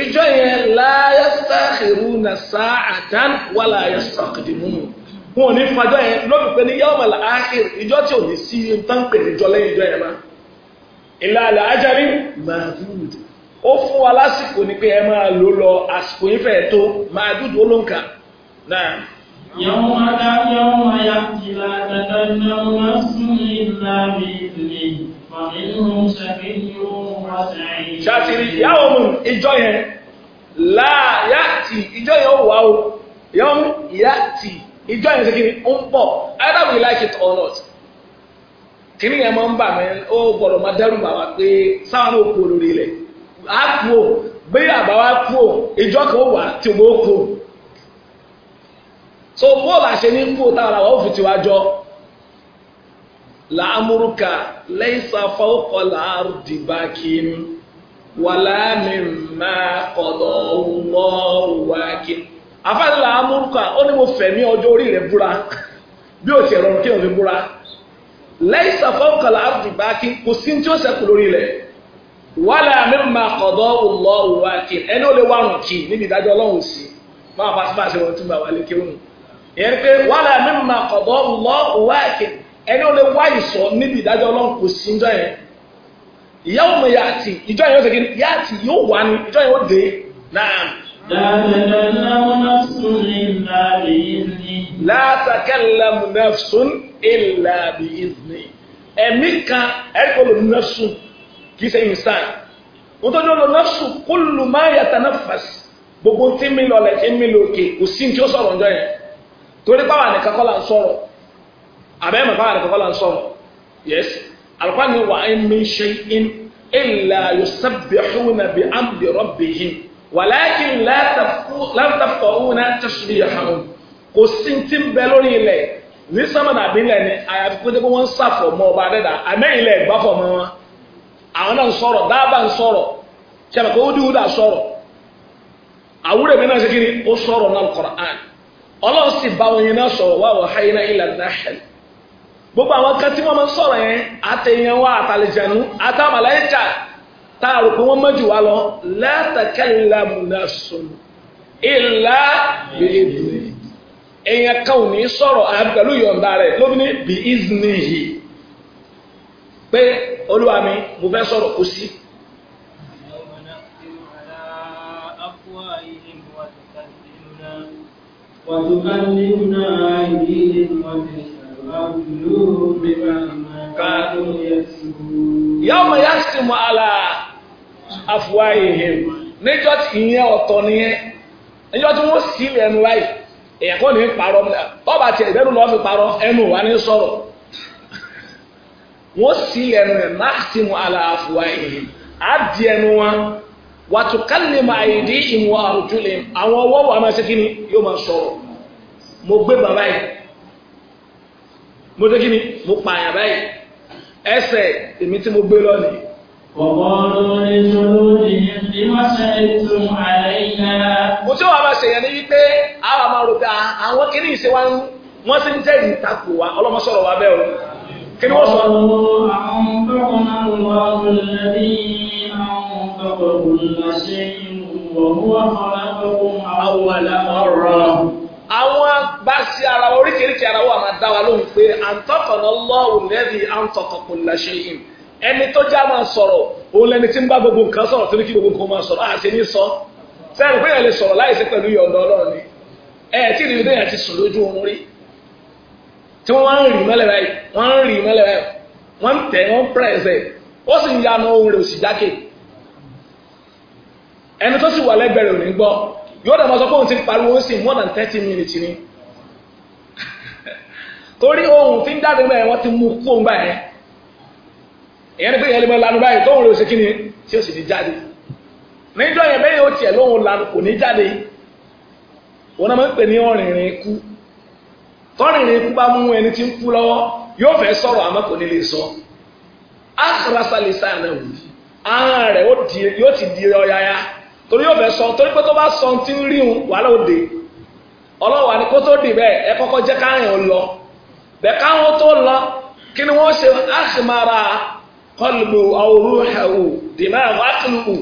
Speaker 1: ìjọ yẹn láyé sáàkìrú na sáàtàn wà láyé sáàkìdìmú wọn ò ní fàjọ yẹn lóbi pé ní yawmal akhir ìjọ tí ò ní sí tán pè níjọ lẹ́yìn ìjọ yẹn má ìlà àlà ajárí màdúùdù ó fún wa lásìkò ní pé ẹ máa lò lọ àsìkò yín fẹ́ẹ́ tó máa dúdú olóǹkà náà.
Speaker 3: yàwó adá yàwó ayá ti la dandan náà wọ́n sún ìlà mi lè fàmílùú ṣàkíyó wá sẹ́yìn. ṣàtìrì yàwó
Speaker 1: mu ìjọ yẹn láàyà tì ìjọ yẹn ó wà ó yàwó ìyá tì ìjọ yẹn ṣe ó ń bọ̀ either we like it or not kìnìyàn máa ń bà mí ó gbọ́dọ̀ máa dẹ́rù bàbá pé sáwọn ò kú olórí ilẹ̀. á kú o bí ìjọ kan o bó so bó o bá ṣe ní kú táwọn àwọn òfin tiwa jọ làámúrúkà lẹ́yìnsá fọ́ọ̀kọ́ làárùdì bá kí wàlá mi máa kọ̀dọ̀ wọ́ọ̀rù wá àfáàní ó ní mo fẹ̀mí ọjọ́ orí rẹ̀ búra bí wàhálà mímà kọ̀dọ̀ ọ̀lọ́ òwò àti ẹni ó lè wà rùn níbi ìdájọ́ ọlọ́run sí máa bá sí tún bá wà lékè òun ìyẹn pé mímà kọ̀dọ̀ ọ̀lọ́ ẹni ó lè wá ìsọ níbi ìdájọ́ ọlọ́run kò sí ń jọ yẹn ìyá òun yà àti ìjọ yẹn ó segin yà àti yóò kì í ṣe insan wọn tó dúró lọ nafsu kullu ma yatanafas gbogbo tí mi lọ lẹ tí mi lọ òkè kò sí tí ó sọ̀rọ̀ ọjọ́ yẹn torí báwa nìkan kọ́ la ń sọ̀rọ̀ àbẹ́mọ̀ báwa nìkan kọ́ la ń sọ̀rọ̀ yes alùpàá ni wà á mi ṣe in illa yusabbihuna bi amdi rabbihim wàláàkì látàfọ̀húnà tasbihahum kò sí tí ń bẹ lórí ilẹ̀ ní sọ́mọ̀nà àbílẹ̀ ni àyàfi kó dé kó wọ́n ń sàfọ̀ mọ́ ọba dẹ́dà àmẹ́yìn ilẹ̀ ìgbàfọ̀ mọ́ wọn àwọn náà ń sọ̀rọ̀ dábà ń sọ̀rọ̀ ṣẹlẹ̀ kó dúdú dà sọ̀rọ̀ àwúrẹ̀ mi náà ṣe kíni ó sọ̀rọ̀ náà Qur'an ọlọ́run sì bá wọn yẹn náà sọ̀rọ̀ wá wọ̀ hayina ilà nahel gbogbo àwọn kan tí wọ́n máa ń sọ̀rọ̀ yẹn àtẹ̀yẹn wa àtàlẹ̀jẹ̀nu àtàmàlẹ́jà tá a rò pé wọ́n mọ̀jù wá lọ látàkẹ́lá pé olúwa mi mo fẹ́ sọ̀rọ̀ osi. sí. yọ́mọ̀ ya sì mọ́ àlà àfùwá ìhìn níjọ́ ìyẹn ọ̀tọ̀ nìyẹn níjọ́ tí wọ́n sì lẹ́nu láì èèyàn kò ní parọ fi ẹnu wà ní sọrọ. wọ́n sì ala ẹnu ma àyèdí ìwọ̀n àrùjúlẹ̀ àwọn ọwọ́ wà máa ṣe kí ma yóò mo gbé bàbá yi. mo ṣe ni mo pààyàn báyìí ẹsẹ̀ èmi mo gbé lọ nìyí. Ọ̀gọ́rùn-ún ní Tolóòdì ní bí wọ́n ṣe ètò Mo tí wàá ní wípé àwọn àwọn ìṣe wa sì ń wa kí ni wọ́n sọ? àwọn bá sí ara oríkèéríkèé ara wa máa dá wa lóhùn pé àǹtọ́kọ̀nà lọ́wọ́ lẹ́bi àǹtọ̀kọ̀kọ̀ làṣẹ yìí ẹni tó já máa sọ̀rọ̀ òun lẹni tí ń bá gbogbo nǹkan sọ̀rọ̀ tó ní kí gbogbo nǹkan máa sọ̀rọ̀ àti ní sọ sẹ́yìn pé yẹn lè sọ̀rọ̀ láìsí pẹ̀lú yọ̀ǹda ọlọ́run ni ẹ̀ tí ìrìn ti sùn lójú oorun tí wọ́n wá ń rì mọ́lẹ̀ báyìí wọ́n ń rì mọ́lẹ̀ báyìí wọ́n ń tẹ̀ wọ́n pẹ̀rẹ̀sẹ̀ ó sì ń ya ọ̀nà ohun rẹ̀ òsì jákè ẹni tó sì wà lẹ́gbẹ̀ẹ́ rẹ̀ ò yóò dàgbà sọ pé òun ti pariwo ó sì more than thirty minutes ni <laughs> torí ohun tí ń dáre mẹ́rin wọ́n ti mú kú òun báyẹn ìyẹn ni pé ìyẹn lè mọ lanu báyìí tóun rẹ̀ òsì kíni tí ó sì ti jáde níjọ́ yẹn bẹ́ẹ̀ yóò tiẹ̀ lóhun lanu kò ní jáde òun náà máa ń pè ní ọ̀rìnrìn ikú tọ́rìnrìn ikú bá mú ẹni tí ń kú lọ́wọ́ yóò fẹ́ sọ̀rọ̀ àmọ́ kò ní lè sọ ákàràsà lè sáà náà wù yí ahọ́n rẹ̀ yóò ti di ọ̀yàyà torí yóò fẹ́ sọ torí pé tó bá sọ tí ń ríhun wàhálà òde ọlọ́wà ni kó tó dì bẹ́ẹ̀ ẹ kọ́kọ́ jẹ́ káyàn ó lọ bẹ́ẹ̀ káwọn tó lọ kí ni wọ́n ṣe àṣemara kọlùbù ọ̀rùhẹ̀wò dìmọ̀ àkùnù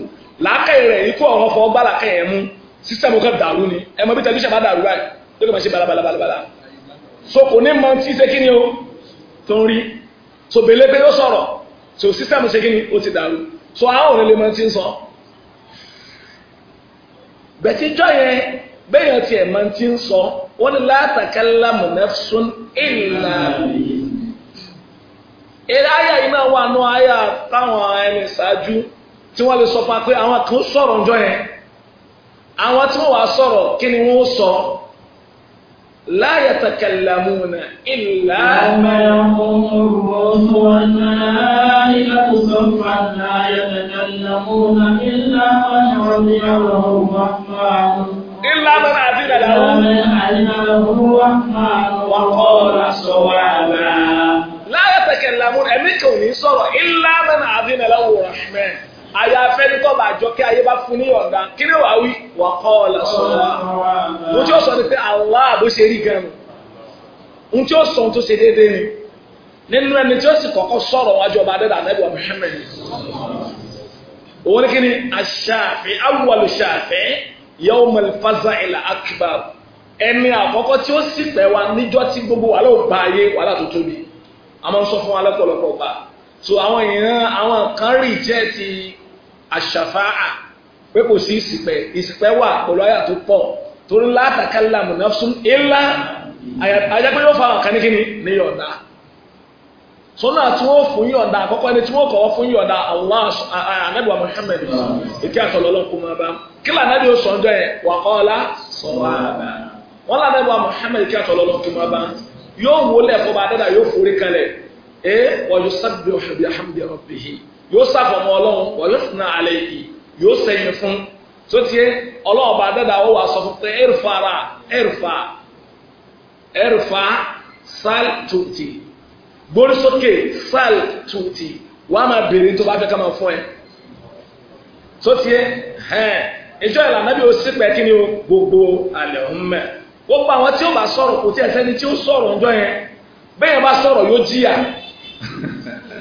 Speaker 1: làákàyè rẹ̀ ikú ọ̀rọ̀ so kò ní máa tí ṣe kí ni o tó ń rí so belebe yóò sọ̀rọ̀ so sísẹ́mù ṣe kí ni o ti dàrú so àwọn òní lè máa ti ń sọ bẹ̀tíjọ́ yẹn bẹ́yàn tiẹ̀ máa ti ń sọ wọ́n ní látàkẹ́lá mọ̀nẹ́fṣún ìlànà èrè àyà yìí náà wà nù àyà táwọn ẹni ṣáájú tí wọ́n lè sọ pa pé àwọn kan sọ̀rọ̀ ńjọ́ yẹn àwọn tí wọ́n wàá sọ̀rọ̀ kí ni wọ́n sọ لا يتكلمون إلا ما يقوم الروح
Speaker 3: والملائكة صفا لا يتكلمون إلا من رضي له الرحمن
Speaker 1: إلا من أذن له من
Speaker 3: أذن له الرحمن وقال صوابا
Speaker 1: لا يتكلمون أمريكا ونصر إلا من أذن له الرحمن àyàfẹ́ ní kọ́ba àjọ kí ayé bá fún ní ọ̀gá kí ni wàá wí wà kọ́ ọ lásọ̀rọ̀ mo tí ó sọ ni pé Allah bó ṣe rí gan mo tí ó sọ tó ṣe déédéé ni nínú ẹni tí ó sì kọ́kọ́ sọ̀rọ̀ wájú ọba adẹ́dà anábìwá Muhammad òun ni kí ni aṣáàfin awùwàlù ṣáàfin yawmal faza'il akbar ẹni àkọ́kọ́ tí ó sì pẹ́ wa níjọ́ tí gbogbo wàhálà ò bá ayé wàhálà tó tóbi a máa fún wa lọ́pọ̀lọpọ̀ gbà so àwọn èèyàn àwọn kan reject àṣàfáà pé kò sí ìsìpẹ̀ ìsìpẹ̀ wà pẹ̀lú àyà tó pọ̀ torí látàkàlà mọ̀nàfún ilá ayẹ́pẹ́ yóò fa ọ̀kan ní kíni ní yọ̀ǹda sọ́nà tí wọ́n fún yọ̀ǹda àkọ́kọ́ ẹni tí wọ́n kọ̀ fún yọ̀ǹda Allah anábìwá Muhammad ìkí àtọ̀lọ́lọ́kùn máa bá kí lànàbí ó sọ̀njọ́ yẹn wà kọ́ ọ̀la sọ̀rọ̀ àbá wọn lànàbìwá Muhammad ìkí àtọ̀lọ́lọ́kùn máa bá yóò wọlé ẹ̀kọ́ yóò sàfọ̀mọ́ ọlọ́run wọ̀nyí sinna alẹ́ yìí yóò sẹ́yìn fún sotie dada ó wà sọ pé ẹ̀rùfàrà sal tuti gbórí sal tuti wàá máa bèrè tó bá ká ẹ sotie hẹ́n ìjọ o gbogbo ń gbogbo àwọn tí bá kò tí tí yẹn bá
Speaker 2: <laughs>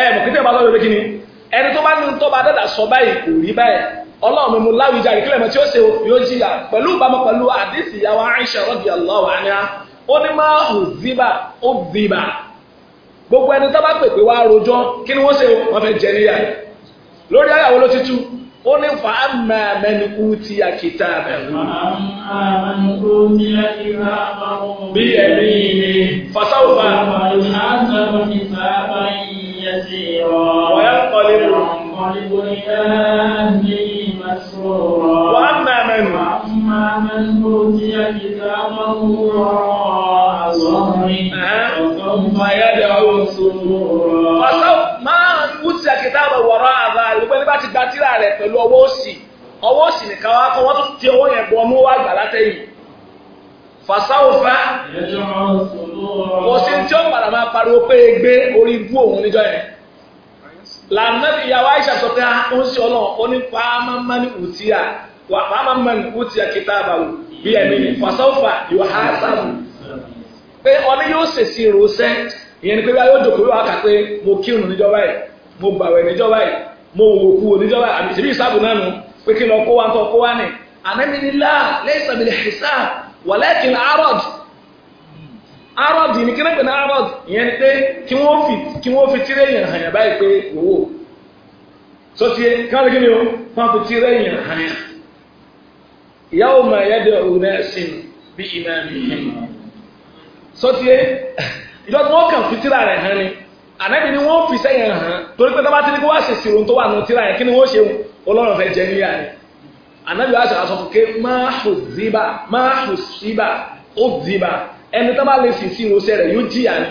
Speaker 1: ẹ mọ̀ kíkẹ́ bá lọ́wọ́ kí ni ẹni tó bá ní tó bá dẹ́dà sọ báyìí kò rí báyìí ọlọ́run mímú láwùjá ìkílẹ̀ mọ̀ tí ó ṣe yóò jìyà pẹ̀lú ìbámu pẹ̀lú àdìsí ìyàwó Aisha radiyallahu anha ó ní máa hù zíbà ó zíbà gbogbo ẹni tó bá pè wá rojọ́ kí ni wọ́n ṣe wọ́n fẹ́ jẹ níyà lórí ayàwó ló títú ó ní fa àmà mẹ́nu kú ti àkìtà bẹ̀rù.
Speaker 3: bí ẹ̀mí ni fasáwùfà. نذيرا وينقلب وينقلب إلى أهله مسرورا وأما من وأما من أوتي كتابه وراء ظهره يدعو ثبورا
Speaker 1: máa ń bá ti gba òsì òsì tó ti yẹn ọmú gbà kò sí tí ó pariwo pé orí ibú òun yẹn lànàbí ìyàwó àìsà sọ pé ah, ó ń ṣe ọlọ́run ní fàámàmánì ùtìyà fàámàmánì ùtìyà kitabahu bí ẹ̀mí ni fàṣọ́fà yóò há sáàmù pé ọdún yóò ṣèṣì ìrọ̀ṣẹ́ ìyẹn ni pé bá jòkó yóò kà pé mo kírun níjọba yìí mo gbàwẹ̀ níjọba yìí mo wò kú wò níjọba yìí àbí ìṣèlú ìṣàbù náà nù pé kí lọ kó wa ń tọ́ kó wa nì arọ́dì ní kí lẹ́gbẹ̀ẹ́ náà arọ́dì ìyẹn ni pé kí wọ́n fi tíré èèyàn hàn yàn báyìí pé owó tó ti káàdì kí ni o wọ́n fi tíré èèyàn hàn yàn. ìyáwó mà yẹ́dẹ̀ òun ẹ̀sìn bí ìmọ̀ mi yẹn. tó ti ìjọba wọn kàn fi tírà rẹ̀ hàn ni ànábì ni wọ́n fi sẹ́yìn hàn torí pé tábà ni kó wá ṣe ìṣirò tó wà nù tírà yẹn kí ni wọ́n ṣe ọlọ́run fẹ́ jẹ níyà ni ẹni tó bá lè sì sí ìwòsàn rẹ̀ yóò jìyà ni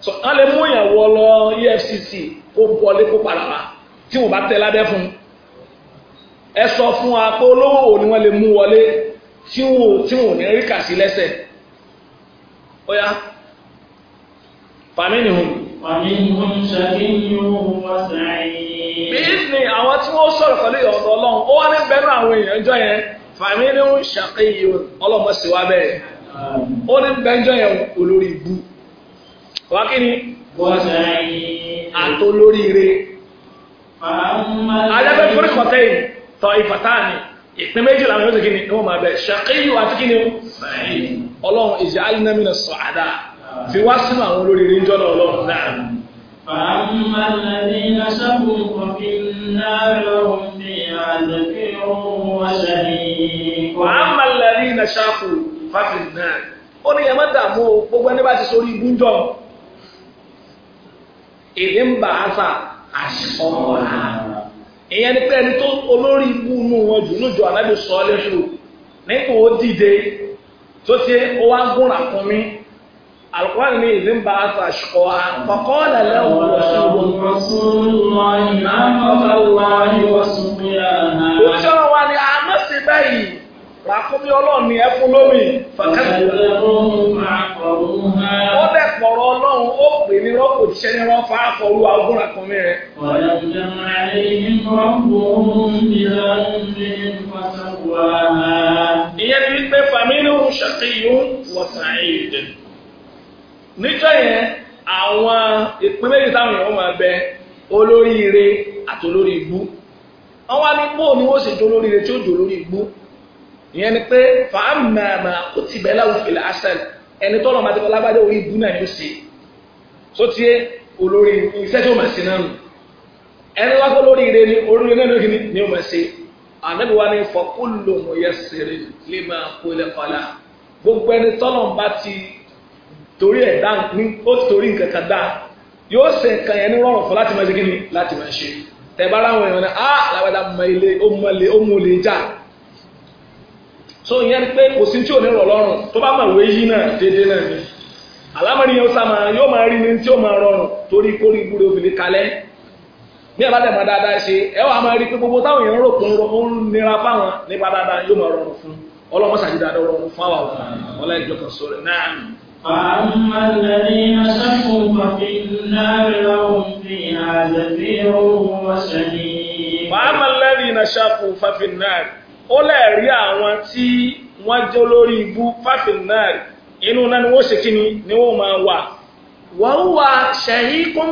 Speaker 1: so a lè mú ìyàwó lọ EFCC kó wọlé kó paraba tí wọ́n bá tẹ lábẹ́ fún ẹ sọ fún wa pé olówó wo ni wọ́n lè mú wọlé tí wọ́n tí wọ́n ní rí kàsí lẹ́sẹ̀ ó yá fàmínì hùn. fàmínì hùn ṣàkíyàn wọ́n sàn
Speaker 3: yìí. bí
Speaker 1: ní àwọn tí wọ́n sọ̀rọ̀ pẹ̀lú ìyọ̀dọ̀ ọlọ́run ó wá ní bẹ́ẹ̀ àwọn èèyàn jọ yẹn fàmílì ń ṣàkéyìí ọlọ́mọsíwá bẹ́ẹ̀ ó ní bẹ́ńjọ́ yẹn olórí ibú wá kí ni àtolóríire alábẹ́ fúri kọ́tẹ́ yìí tọ́ ìfàtáàní ìpín méjì làwọn yóò ti kíni ní wọ́n máa bẹ̀ ṣàkéyìí àti kíni ọlọ́run ìjà alínàmínà sọ̀ àdá fi wá sínú àwọn olóríire ń náà ọlọ́run náà. فأما
Speaker 3: الذين سبوا ففي النار
Speaker 1: لهم فيها زفير وشهيق وأما الذين شقوا ففي النار ó ní ẹ má dààmú o gbogbo ẹni bá ti sórí gúnjọ èdè ń bà á sà àṣọ ọ̀la ìyẹn ni pé ẹni tó olórí ibú inú wọn jù lójó anábì sọ ọ lẹ́sùn nípò ó dìde tó ti ó wá gúnra kún mi القرآن من ذنب أشقى فقال له رسول الله نعمة الله وسقيانا وشرى واني أمس بي ràkúnmí ọlọ́run ni ẹ fún lómi fàkàtà ó dẹ̀ pọ̀rọ̀ ọlọ́run ó pè ní rọ́pò tíṣẹ́ ní wọ́n fa àfọwú agún ràkúnmí rẹ̀. ìyẹn ni wípé fàmílì ń ṣàkíyún wọ̀sàn èdè níjọ́ yẹn àwọn ìpín méjì táwọn èèyàn máa bẹ olóríire àti olórí ibú wọ́n wá ní bóò ni wọ́n sì jó olóríire tí ó jó olórí ibú ìyẹn ni pé fàámàmà ó ti bẹ̀ láwùfẹ̀lá asẹ́l ẹni tọ́lọ̀ máa ti kọ́ lágbájá orí ibú náà ni ó ṣe tó ti yé olórí iṣẹ́ tí ó máa ṣe náà nù ẹni wá kó lórí ire ni orí ire náà ni ó máa ṣe ànábi wa ni fọkúlùmù yẹ sèré lè máa kó ilẹ̀ kọ́lá gbogbo ẹni tọ́lọ̀ ń torí ẹ̀ dá ní ó torí nǹkan kan dá yóò ṣe nǹkan yẹn ní rọrùn fún láti máa ṣe kíni láti máa ṣe tẹ̀bára àwọn èèyàn náà ah, á làbàdà mọ ilé ó mọ ilé ó mú ilé já so ìyẹn ni pé kò sí tí ò ní rọ̀ lọ́rùn tó bá mọ̀ wé yí náà déédéé náà ni àlámọ̀rí yẹn sá máa yóò máa rí ní tí ó máa rọrùn torí kórí gbúre obìnrin kalẹ̀ ní àbádẹ́mọ̀ dáadáa ṣe ẹ wà máa rí pé gbogbo táwọn èèyàn rò pé ó ń nira fáwọn nípa dáadáa yóò máa rọrùn fún ọlọ́mọ فأما الذين
Speaker 3: سفوا
Speaker 1: ففي النار لهم فيها زفير وسنين فأما الذين سفوا ففي النار ó lẹ́ẹ̀rí àwọn tí wọ́n jẹ́ olórí ibú fáfin náà inú náà ni wọ́n ṣe kíni ni wọ́n máa wà wọ́n wà ṣẹ̀ríkún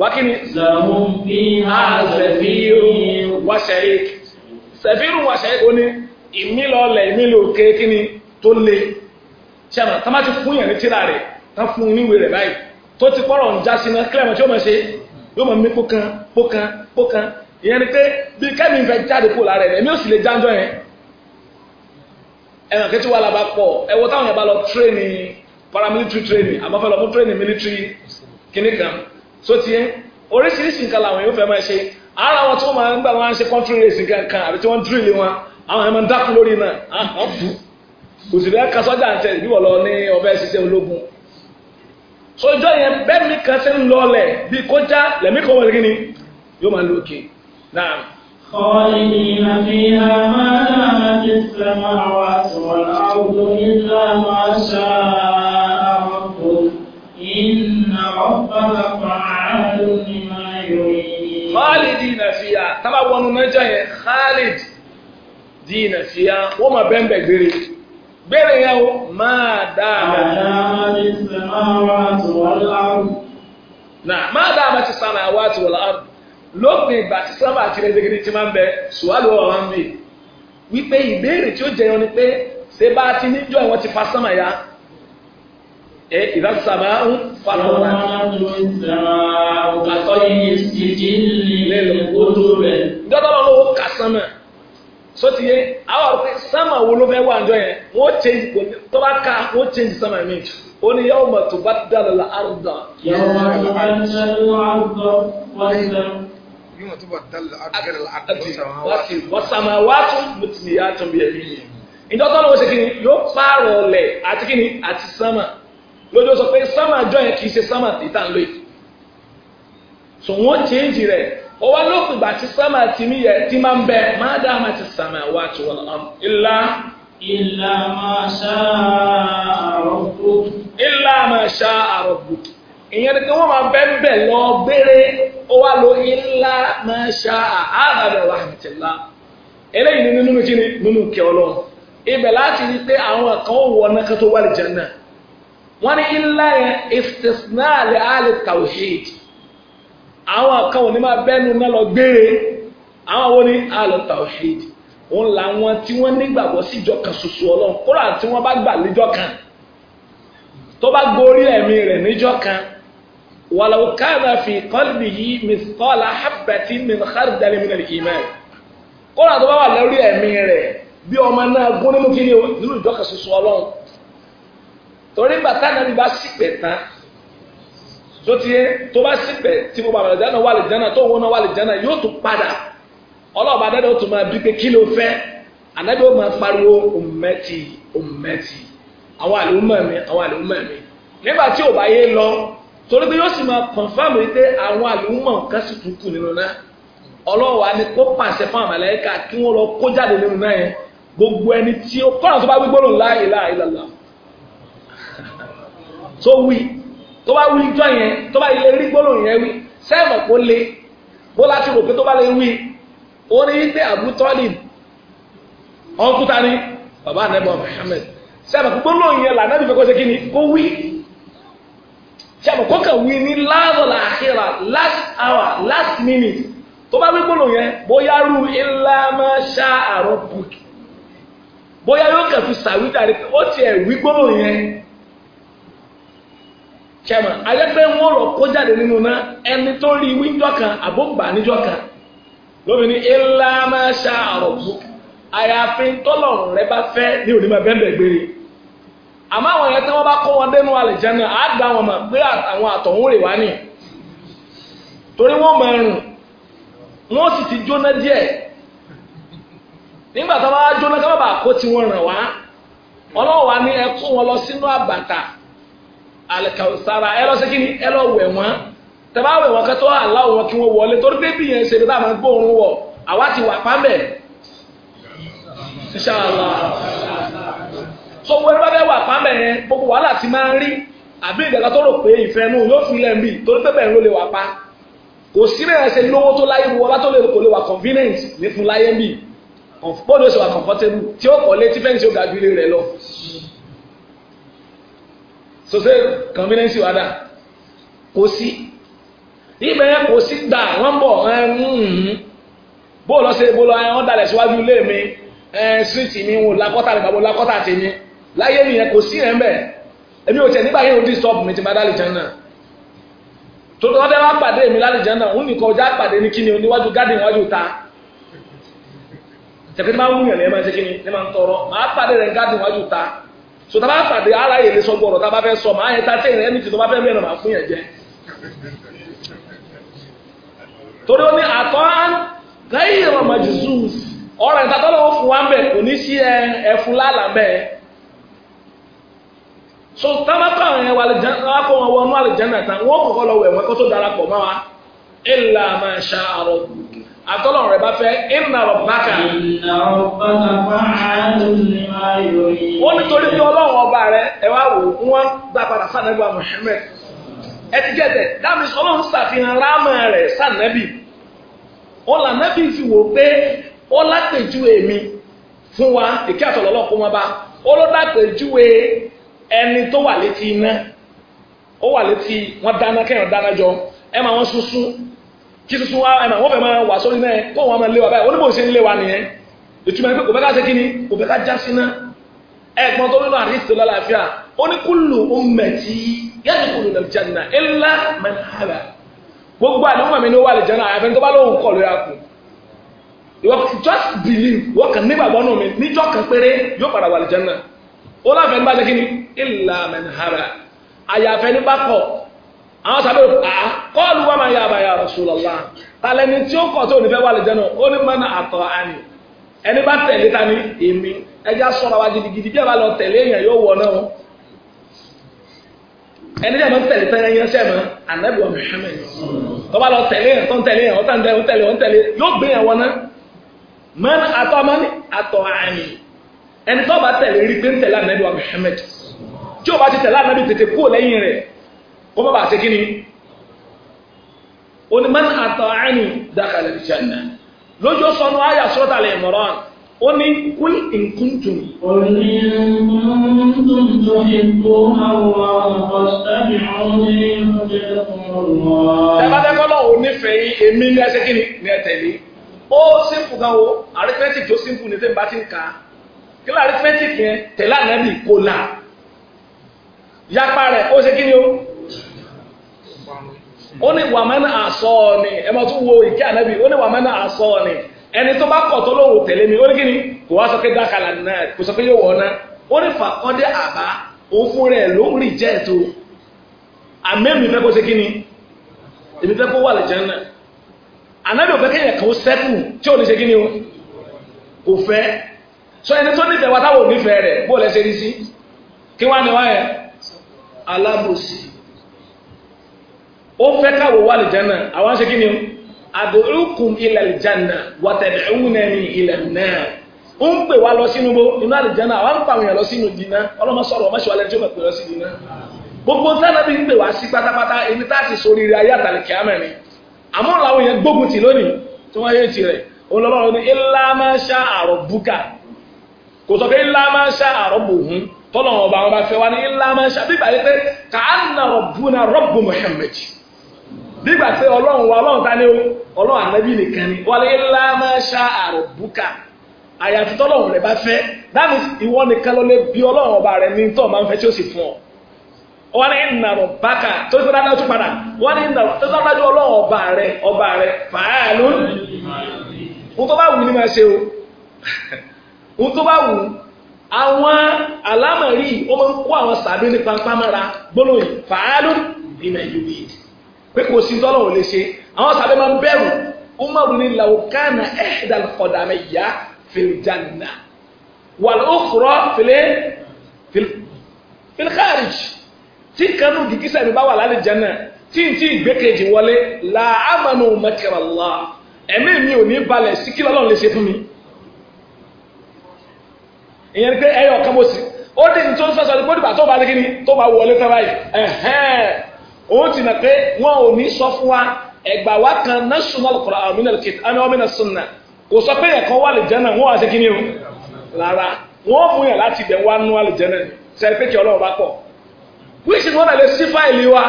Speaker 1: wákíní zàmùn bí a zẹ̀fírún wà ṣẹ̀rík zẹ̀fírún wà ṣẹ̀rík ó ní ìmílọ̀ọ̀lẹ̀ ìmílò kéèkíní le ṣẹ́mọ̀ tán bá ti fún yẹn ní tíra rẹ̀ tán fún un níwèé rẹ̀ báyìí tó ti pọ́rọ̀ ń já sí náà kílẹ̀mọ̀ tí ó mọ̀ ṣe yóò mọ̀ mí pókan pókan pókan ìyẹn ni pé bí kẹ́mi fẹ́ jáde kó lára rẹ̀ èmi ò sì lè jájọ́ yẹn ẹ̀wọ̀n kí tí wàhálà bá pọ̀ ẹ̀wọ̀ táwọn yẹn bá lọ tírénì paramilitary training àmọ́ fẹ́ lọ mú tírénì military kìnnì kan tó ti yẹn oríṣiríṣi nǹkan làwọn yóò fẹ́ máa ṣe ara wọn tí wọ́n máa ń gbà wọn á ṣe country race nǹkan kan àbí tí wọ́n ń dírìlì wọn àwọn yẹn máa ń dákú lórí náà àwọn ah, bù òsì rẹ ka sọ́jà bí wọ́n ní ọbẹ̀ ṣiṣẹ́ ológun sọjọ́ yẹn bẹ́ẹ̀ mi kan ṣe ń lọ ọlẹ̀ bí kọjá lẹ́mí kan wọlé kíni yóò máa lo òkè náà. خالدين فيها ما دامت السماوات
Speaker 3: والأرض إلا ما إن ربك فعال لما يريد
Speaker 1: خالدين فيها tábà wọnú náà jẹ́ yẹn خالدين فيها wọ́n máa bẹ́ẹ̀ bẹ́ẹ̀ gbére. gbére ya o daa na máa dáa ma ti sàmà àwọn àti wọlé àrùn lópin ìgbà tí sábà àti rẹ́dẹ́gẹ́dẹ́ ti máa ń bẹ sùwálù ọ̀rọ̀ ń bì wípé ìbéèrè tí ó jẹyọ ni pé ṣé bá a ti níjọ́ ìwọ́n ti fa sánmà ya ẹ ìdájọ́ sàmà ń fa lọ́wọ́ sọtí yẹ àwọn àrùn sama wo ló fẹ́ wà ǹjọ́ yẹn wọ́n change kò ní tọ́ba ká change Sama mi ó ní yàwó ma tó bá dàlọ́ la àrùdà. yàwó ma tó bá dàlọ́ la àrùdà wàsàmà wàtú mutumi yà tún bí ẹbí yìí ìjọba ló ń ṣe kí ni yóò pààrọ̀ ọ̀lẹ̀ àti kí ni àti sáma lójú sọ pé sáma jọ yẹn kì í ṣe sáma tìta ń lò yìí so wọ́n change rẹ̀ ó wá lópin ìgbà tí sámà ti mí yẹ tí máa ń bẹ máa dá àmà ti sàmà wá ti wọ́n lọ́m ilá. ilá máa ṣá àrọ̀bù. ilá máa ṣá àrọ̀bù. ìyẹn ni kí wọ́n máa bẹ́ẹ̀ bẹ́ẹ̀ lọ gbére ó wá lo ilá máa ṣá àhàbẹ̀ rahmatillah. eléyìí ni nínú kí ni nínú kẹ́ ọlọ́run. ibẹ̀ láti rí i pé àwọn kan ó wọ ọ̀nà kan wà lè náà. wọ́n ní ilá yẹn àwọn kan ò ní máa bẹ́nu náà lọ gbére àwọn àwọn ní àlọ́ tawhid òun làwọn tí wọ́n nígbàgbọ́ sí ìjọ kan ṣoṣo ọlọ́run kódà tí wọ́n bá gbà níjọ kan tó bá gorí ẹ̀mí rẹ̀ níjọ kan wàlàwù káàdà fi qalbihi mithqala habbatin min khardalin min al-iman kódà tó bá wà lórí ẹ̀mí rẹ̀ bí ọmọ náà gún nínú kí ni nínú ìjọ kan ṣoṣo ọlọ́run torí bàtà náà ni bá sì pẹ̀ tán tó ti yẹ tó bá sì pẹ́ tí gbogbo àbàlẹ̀ jẹ́nà wà lè jẹ́nà tó wọ́n náà wà lè jẹ́nà yóò tún padà ọlọ́ọ̀bà dáadáa ó tún máa bí pé kí ló fẹ́ ànábì ó máa pariwo ummeti ummeti àwọn àlùmọ̀ mi àwọn àlùmọ̀ mi nígbà tí ò bá yé lọ torí pé yóò sì máa confirm wípé àwọn àlùmọ̀ kan sì tún kù nínú náà ọlọ́wàá ni kó pàṣẹ fún àmàlẹ́kà kí wọ́n lọ kó jáde nínú náà la ilaha illallah tó <laughs> wí tó bá wí jọ yẹn tó bá ilé rí gbólóhùn yẹn wí sẹ́ẹ̀mọ̀ kó le bó láti rò pé tó bá lè wí ó ní pé àbútọ́lì ọ̀nkúta ni bàbá anábọ̀ Muhammad sẹ́ẹ̀mọ̀ kó gbólóhùn yẹn lànà ìfẹ́ kó ṣe kí ni kó wí sẹ́ẹ̀mọ̀ kó kàn wí ní láàrọ̀ àkírà last hour last minute tó bá wí gbólóhùn yẹn bóyá rú ilá máa ṣá àrùn bùkì bóyá yóò kàn fi sàwítà rẹ ó tiẹ̀ wí gbólóhùn yẹn kẹmọ ayẹpẹ wọn rọ kó jáde nínú náà ẹni tó rí wíńdọ kan àbó gbà níjọ kan lóbìnrin ilá máa ṣá àrọ bù àyàfi tọlọ́run rẹ bá fẹ́ ní onímọ̀ bẹ́ẹ̀ gbére àmọ́ àwọn yẹn tí wọ́n bá kó wọn dénú àlìjẹ́nà á wọn mọ̀ pé àwọn àtọ̀hún rè wá nì torí wọ́n mọ̀ ẹ̀rùn wọ́n sì ti jóná díẹ̀ nígbà tó bá jóná ká bàbá kó tiwọn ràn wá ọlọ́wọ́ wa ní ẹ kó wọn lọ sínú àbàtà alikawusara ẹ lọ sí kíni ẹ lọ wẹ̀ wọ́n tẹ́lá wẹ̀ wọ́n kẹ́tọ́ aláwọ̀ wọn kí wọ́n wọlé torí pé bí yẹn ṣe ní táwọn gbóòórùn wọ̀ àwa ti wà pàmbẹ̀ ṣíṣàlá so wọ́n bá bẹ́ẹ̀ wà pàmbẹ̀ yẹn gbogbo wàhálà ti máa ń rí àbí ìdàgbà tó rò pé ìfẹ́ nù yóò fi lẹ́ mbì torí pé bẹ́ẹ̀ ló lè wà pa kò sí bẹ́ẹ̀ ṣe lówó tó láyé wọ́n bá tó lè kò lè wà convenient ní fún láyé mbì bóòdù ó ṣe wà comfortable tí ó kọ̀ lé tí fẹ́ǹsì ó ga rẹ̀ lọ so ṣe convenience wa dà kò sí ibẹ̀ yẹn kò sí gbà wọ́n bọ̀ bóòlù ọ̀sẹ̀ bóòlù ọ̀hún wọ́n dalẹ̀ síwájú ilé mi síìtì mi wò lakọ́tà rẹ̀ bàbá lakọ́tà ti mi láyé mi yẹn kò sí yẹn bẹ́ẹ̀ èmi ò tẹ̀ nígbà yẹn ò disturb mi ti máa dálẹ̀ jẹun náà tó tọ́ tẹ́ wá pàdé mi lálẹ́ jẹun náà òun nìkan ọjà pàdé ní kíni oníwájú gádìn wájú ta tẹ̀pẹ́ tí máa ń wúyàn lẹ́ẹ̀ máa ń ṣe kíni lẹ́ẹ̀ máa ń tọrọ màá pàdé rẹ̀ gádìn wájú ta so tàbá pàdé ara yìí lè sọ gbọ́dọ̀ tàbá fẹ́ sọ màá yẹn ta tẹ́yìn ẹni tí tó bá fẹ́ mẹ́rin màá fún yẹn jẹ. torí ó ní àtọ́ gáyé ramajú zoos ọ̀rọ̀ ìtàtọ́ lọ́wọ́ fún wa mbẹ̀ kò ní sí ẹ̀fun lálà mbẹ̀. so tàbá kọ́ àwọn yẹn wà lẹ́jẹ̀ náà kó wọn wọnú àlẹ́jẹ̀ náà tán wọ́n kọ́kọ́ lọ wẹ̀ wọ́n kó tó darapọ̀ wa. ìlà máa ṣa àrọ̀ gbòógì àtọ́lọ́run rẹ̀ bá fẹ́ ìnà ọ̀bákà. ìnà ọ̀bákà fáàlù ọba rẹ̀ ẹ wò wọ́n gbà Muhammad ẹ ti ráàmù rẹ̀ fi wò pé ó fún wa àtọ̀lọ́lọ́ kó ẹni tó wà létí iná ó wà létí wọn dáná kẹ́yìn dáná jọ ẹ kí tuntun wa ẹ̀mà wọ́n fẹ́ máa wà sórí náà kó wọn máa lé wa báyìí wọ́n ní bò ń ṣe ń lé wa nìyẹn ìtumọ̀ pé kò fẹ́ ká ṣe kí ni kò fẹ́ ká já sí náà ẹ̀gbọ́n tó nínú àdìsí lálàáfíà ó ní kullu ummati yadkhulu al-janna illa man haba gbogbo àdéhùn mi ni ó wà lè jẹ́ náà àyàfẹ́ tó bá lóhùn kọ̀ ló kù just believe wọ́n kàn nígbàgbọ́ náà mi níjọ́ kan péré yóò padà wà lè jẹ́ náà ó láfẹ́ nípa ṣe kí man haba àyàfẹ́ nípa Rasulullah tàlẹ́ni tí ó kọ̀ tó ní fẹ́ wà lè jẹ́nu ó ní mọ́nà àtọ̀ àní ẹni bá tẹ̀lé ta ni èmi ẹjẹ́ sọ̀rọ̀ wa gidigidi bí ẹ bá lọ tẹ̀lé èèyàn yóò wọ̀ náà ẹni jẹ́ mọ́ tẹ̀lé tẹ́lẹ̀ yẹn sẹ́mu anabi wa Muhammad tó bá lọ tẹ̀lé yẹn tó ń tẹ̀lé yẹn ó tàn tẹ̀lé ó tẹ̀lé yóò gbé yẹn wọná mọ́nà àtọ̀ mọ́nà àtọ̀ àní ẹni tó bá tẹ̀lé rí pé ń tẹ̀lé anabi wa Muhammad tí ó bá ti tẹ̀lé anabi tètè kúrò lẹ́yìn rẹ̀ kó má bàa ṣe kí ni oni man ata'ani dakhala aljanna lójó sọnù àyà sọ́tà lè mọ̀rán ó ní kúl ìkúntùn. òní ìkúntùn tó ìbò àwọn ọ̀sẹ̀bí òní ìkúntùn lọ. ẹ bá dẹ́kọ́ lọ ò nífẹ̀ẹ́ yìí èmi ní ẹsẹ̀ kí ni ní ẹ tẹ̀lé. ó sínkù gan o arithmetic tó sínkù ní tẹ́ bá ti ń ka kí ló arithmetic yẹn tẹ̀lé ànábì kò là. yapa rẹ̀ ó ṣe kí ni o ó ní wàmánà àsọ ni ẹ máa tún wo ìkí ànábì ó ní wàmánà àsọ ni ẹni tó bá kọ̀ tó lóhùn tẹ̀lé mi ó ní kíni kò wá sọ pé dákàlà náà kò sọ pé yóò wọ̀ ọ́ náà ó ní fàkọ́dé àbá òun fún rẹ̀ ló ń rìn jẹ́ ètò àmẹ́mi fẹ́ kó ṣe kíni èmi fẹ́ kó wà lè jẹun náà ànábì ò fẹ́ kéèyàn kan sẹ́kù tí ò ní ṣe kíni o kò fẹ́ sọ ẹni tó nífẹ̀ẹ́ wa táwọn ò nífẹ̀ẹ́ rẹ̀ bó lẹ́ ṣe rí sí kí wá ni wá yẹn alábòsí ó fẹ́ káwọ́ wà lìjánà àwọn ṣe kí ni ad'ukum ila aljanna wa tad'unani ila an-nar ó ń pè wá lọ sínú bó inú àlìjánà àwọn ń pàwọn èèyàn lọ sínú dìná ọlọ́mọ sọ̀rọ̀ ọmọ ṣọlẹ̀ tí ó mọ̀ pé lọ sí dìná gbogbo sáná bí ń pè wá sí pátápátá èmi tá a sì so rírì ayé àtàlẹ̀kẹ́ amẹ́rin àmọ́ làwọn èèyàn gbógun tì lónìí tí wọ́n yé ọba wọn bá fẹ́ wá ní ilá máa ń ṣá pé kàánà rọ̀bùnà rọ̀bù Muhammad nígbà tí ọlọ́run wa ọlọ́run ta ni o ọlọ́run ànábì nìkan ni wọ́n lè lá máa ṣá búkà àyàfi tọ́lọ́run rẹ̀ bá fẹ́ that ìwọ nìkan ló lè bí ọlọ́run ọba rẹ̀ ní tọ́ máa ń fẹ́ tí ọ. wọ́n bákà tó ti dáná padà wọ́n ọba rẹ̀ ọba rẹ̀ ni máa ṣe o <laughs> ohun tó pé kò sí tọ́lọ̀ ò lè ṣe àwọn sábẹ́ máa ń bẹ̀rù umaru ni laukana ehdal kọdàmẹ ya filijanna wàlú òkúrọ fili eh, filikharij tí kanu gìgísà mi bá wà lálẹ́ jẹ́nà tí n tí gbẹ́kẹ̀jì wọlé la amanu makarala ẹ̀mí mi ò ní balẹ̀ sí kí lọ́lọ́run lè ṣe fún mi ìyẹn ni pé ẹyọ kan bó sì ó dé ní tó ń sọ sọ ní pé ó dìbà bá dé kí ni tó bá wọlé tán báyìí ẹ̀hẹ́n ó ti mọ̀ pé wọn ò ní sọ fún wa ẹgbà wa kan national kura amina kit ami ọmọ náà sunna kò sọ pé ẹ̀kọ́ wà lè jẹ́nà wọn àti kíni o rárá wọn mú yàn láti bẹ̀ wá nú àlè jẹ́nà sẹ́ni pé kí ọlọ́run bá pọ̀ wíṣí wọn lè sí fáìlì wa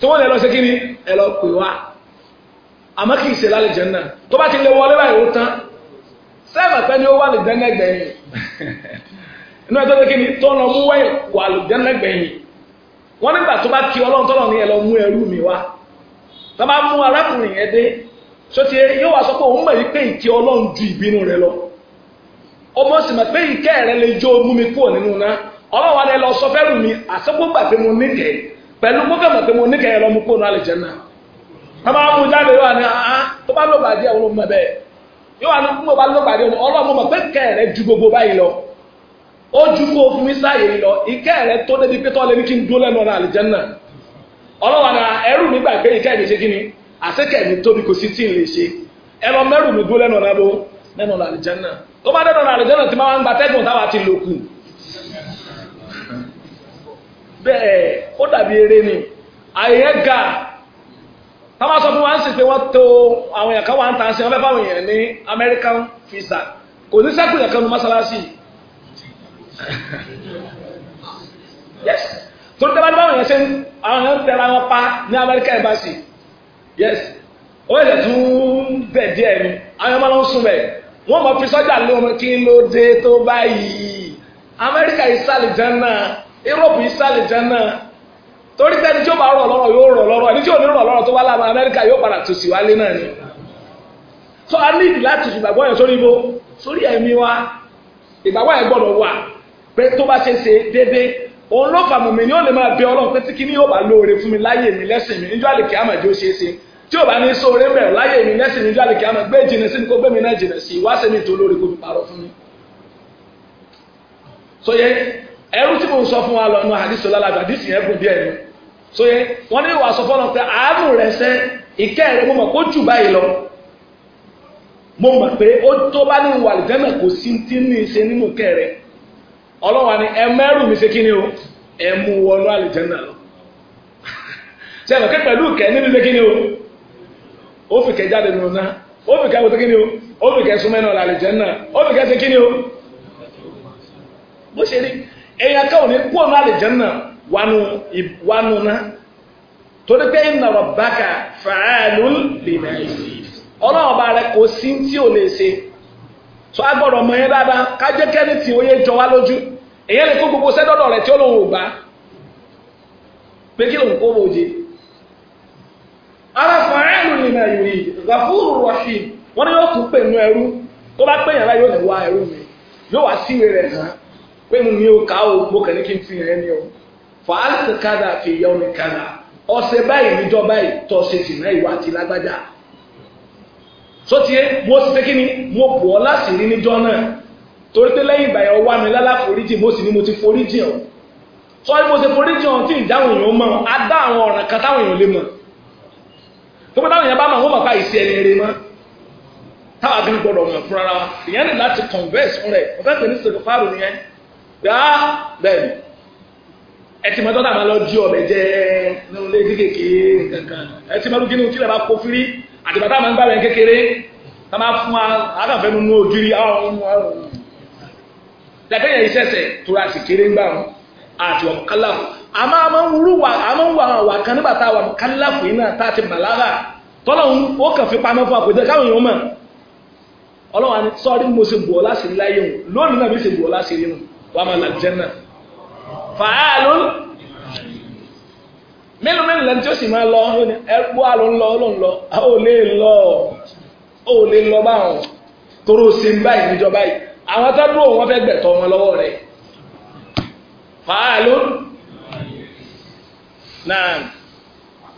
Speaker 1: tí wọn lè lọ sí kíni ẹ lọ pè wá àmọ́ kì í ṣe lálẹ́ jẹ́nà tó bá ti lè wọlé báyìí ó tán sẹ́ẹ̀mà pẹ́ ni ó wà lè jẹ́nà gbẹ̀yìn <laughs> inú ẹ̀ tó lè kíni tó lọ mú wáyé wà lè jẹ́nà gbẹ̀yìn wọ́n nígbà tó bá kí ọlọ́run tọ́lọ̀ ní ẹ lọ mú ẹrú mi wá tó bá mú arákùnrin yẹn dé tó ti yóò wá sọ pé òun mọ̀ yí pé ìkí ọlọ́run ju ìbínú rẹ lọ ọmọ sì mọ̀ pé ìkẹ́ rẹ lè jó mú mi kúrò nínú náà ọlọ́run wa ni ẹ lọ sọ fẹ́rù mi àsọ́gbọ́gbà pé mo níkẹ́ pẹ̀lú gbọ́gbà pé mo níkẹ́ ẹ lọ mú kúrò ní àlùjánnà tó bá mú jáde yóò wá ní ahán tó bá lóbàdí ẹ̀ mọ̀ bẹ́ẹ̀ yóò wá ní ó ju kó fún mi sáàyè lọ ìkẹ́ rẹ tó débi pé tọ́ lẹ́ni kí n dúró lẹ́nu ọ̀nà àlìjẹ́nà ọlọ́wà náà ẹrù mi gbà pé ìkẹ́ mi ṣe kí ni àṣekẹ́ mi tóbi kò sí tí n lè ṣe ẹ lọ mẹ́rù mi dúró lẹ́nu ọ̀nà ló lẹ́nu ọ̀nà àlìjẹ́nà tó bá dẹ́nu ọ̀nà àlìjẹ́nà ti máa ń gba tẹ́gùn táwa ti lò kù bẹ́ẹ̀ ó dàbí eré ni àyè ga táwa sọ fún wa ń sì pé wọ́n tó àwọn èèyàn kan wà ń tàn sí yes torí tẹ́lá báwọn yẹn ṣe ń àwọn yẹn ń tẹ́lá pa ní Amẹ́ríkà embassy yes ó yẹ tún bẹ̀ díẹ̀ ni àwọn yẹn máa ń sún bẹ̀ wọ́n mọ̀ fi sọ́jà lé wọn kí ló dé tó báyìí Amẹ́ríkà ìsàlẹ̀ jẹ́ náà Europe ìsàlẹ̀ jẹ́ náà torí tẹ́ni tí ó bá rọ̀ lọ́rọ̀ yóò rọ̀ lọ́rọ̀ ẹni tí ò ní rọ̀ lọ́rọ̀ tó wá láàmú Amẹ́ríkà yóò padà tòṣì wálé náà ni so a need láti ìgbàgbọ́ yẹn sórí ibo sórí ẹ̀mí wa ìgbàgbọ́ yẹn gbọ́dọ̀ wà pé tó bá ṣe ṣe déédéé òun ló fà mọ̀mí ni ó lè máa bẹ ọlọ́run pé tí kí ni yóò bá lóore fún mi láyé mi lẹ́sìn mi níjọ́ àlèkè àmọ̀ ìjọ ṣe é ṣe tí ò bá ní sóore ń bẹ̀rù láyé mi lẹ́sìn níjọ́ àlèkè àmọ̀ gbé jìnnà sí ni kó gbé mi náà jìnnà sí wá sẹ́mi tó lóore kó fi parọ́ fún mi. sóye ẹrú tí mo sọ fún wa lọ́nu àdìsọ lálàbà àdìsí yẹn gùn díẹ̀ ni sóye wọ́n ní wàásù fọ́nà pé àánú rẹ̀ ọlọ́wà ni ẹ mẹ́rù mi ṣe kí ni o ẹ mú wọnú àlìjẹ́nà lọ ṣe ẹ̀rọ kẹ́ pẹ̀lú kẹ́ níbi ṣe kí ni o ó fi kẹ́ jáde nù náà ó fi kẹ́ wọ́n ṣe kí ni o ó fi kẹ́ súnmọ́ ẹ̀nà àlìjẹ́nà ó fi kẹ́ ṣe kí ni o bó ṣe rí èèyàn kan ò ní kú ọ̀nà àlìjẹ́nà wánu náà torí pé ìnà rabbaka fa'alun lè náà ọlọ́wọ́ bá rẹ kò sí tí ò lè ṣe so agbọdọ gbọ́dọ̀ dada yẹn dáadáa ká jẹ́ tí ó jọ wá lójú èyàn lè kó gbogbo sẹ́dọ̀dọ̀ rẹ̀ tí ó lòun ò gbà pé kí lòun kó wò jẹ. ara rahim wọn ni yóò tún pè nú ẹrú tó bá pè yàn láyé yóò wá ẹrú mi yóò o fi yẹ kàdà báyìí tó ti yé mo sì ṣe kí ni mo bò ọ́ láṣìírí níjọ́ náà torí pé lẹ́yìn ìgbà yẹn wá mi lálàforíjì mo sì ní mo ti foríjì ọ̀ sọ́rí mo ṣe foríjì ọ̀hún tí ìdáhùn èèyàn mọ̀ á dá àwọn ọ̀ràn kan táwọn èèyàn lè mọ̀ tó pé táwọn èèyàn bá mọ̀ wọ́n mọ̀ pa ìṣe ẹni rẹ̀ mọ́ táwọn agbẹ́ gbọ́dọ̀ mọ̀ fúnra wa ìyẹn ní láti converse fún rẹ̀ mo fẹ́ pè ní sèkò fáàrù nìyẹn yá bẹ́ẹ̀ ni ẹ ti mọ́tọ́ dàgbà lọ jí ọ̀bẹ jẹ́ ní olé kéékèèké kankan ẹ ti mọ́tọ́ kí ni kí lè bá kó firi àtìbàtà máa ń gbà bẹ́ẹ̀ kékeré tá máa fún wa aláfẹ́ nínú ògiri lẹ́gbẹ̀yìn ìṣẹ̀ṣẹ̀ tó ra sì kéré ń a máa ń wúrú wa a máa ń wà wà kan nígbà tá a wà kálàfù yìí náà tá a ti bàlágà tọ́lọ́hún ó kàn fi pamọ́ fún àpèjẹ káwọn èèyàn mọ̀ ọlọ́wà ni sọ́ọ́rí mo ṣe bù ọ́ láṣìírí láyé wọn lónìí náà mi ṣe bù ọ́ láṣìírí wọn wàá máa làjẹ́ náà fàáàlú mélòó mélòó lẹni tí ó sì máa lọ ẹgbó àlọ́ ń lọ ó ló ń lọ a ò lè lọ ó lè lọ báwọn tóró ṣe báyìí níjọba yìí àwọn tó wọn fẹ́ gbẹ̀tọ́ wọn lọ́wọ́ rẹ̀ fàálù náà.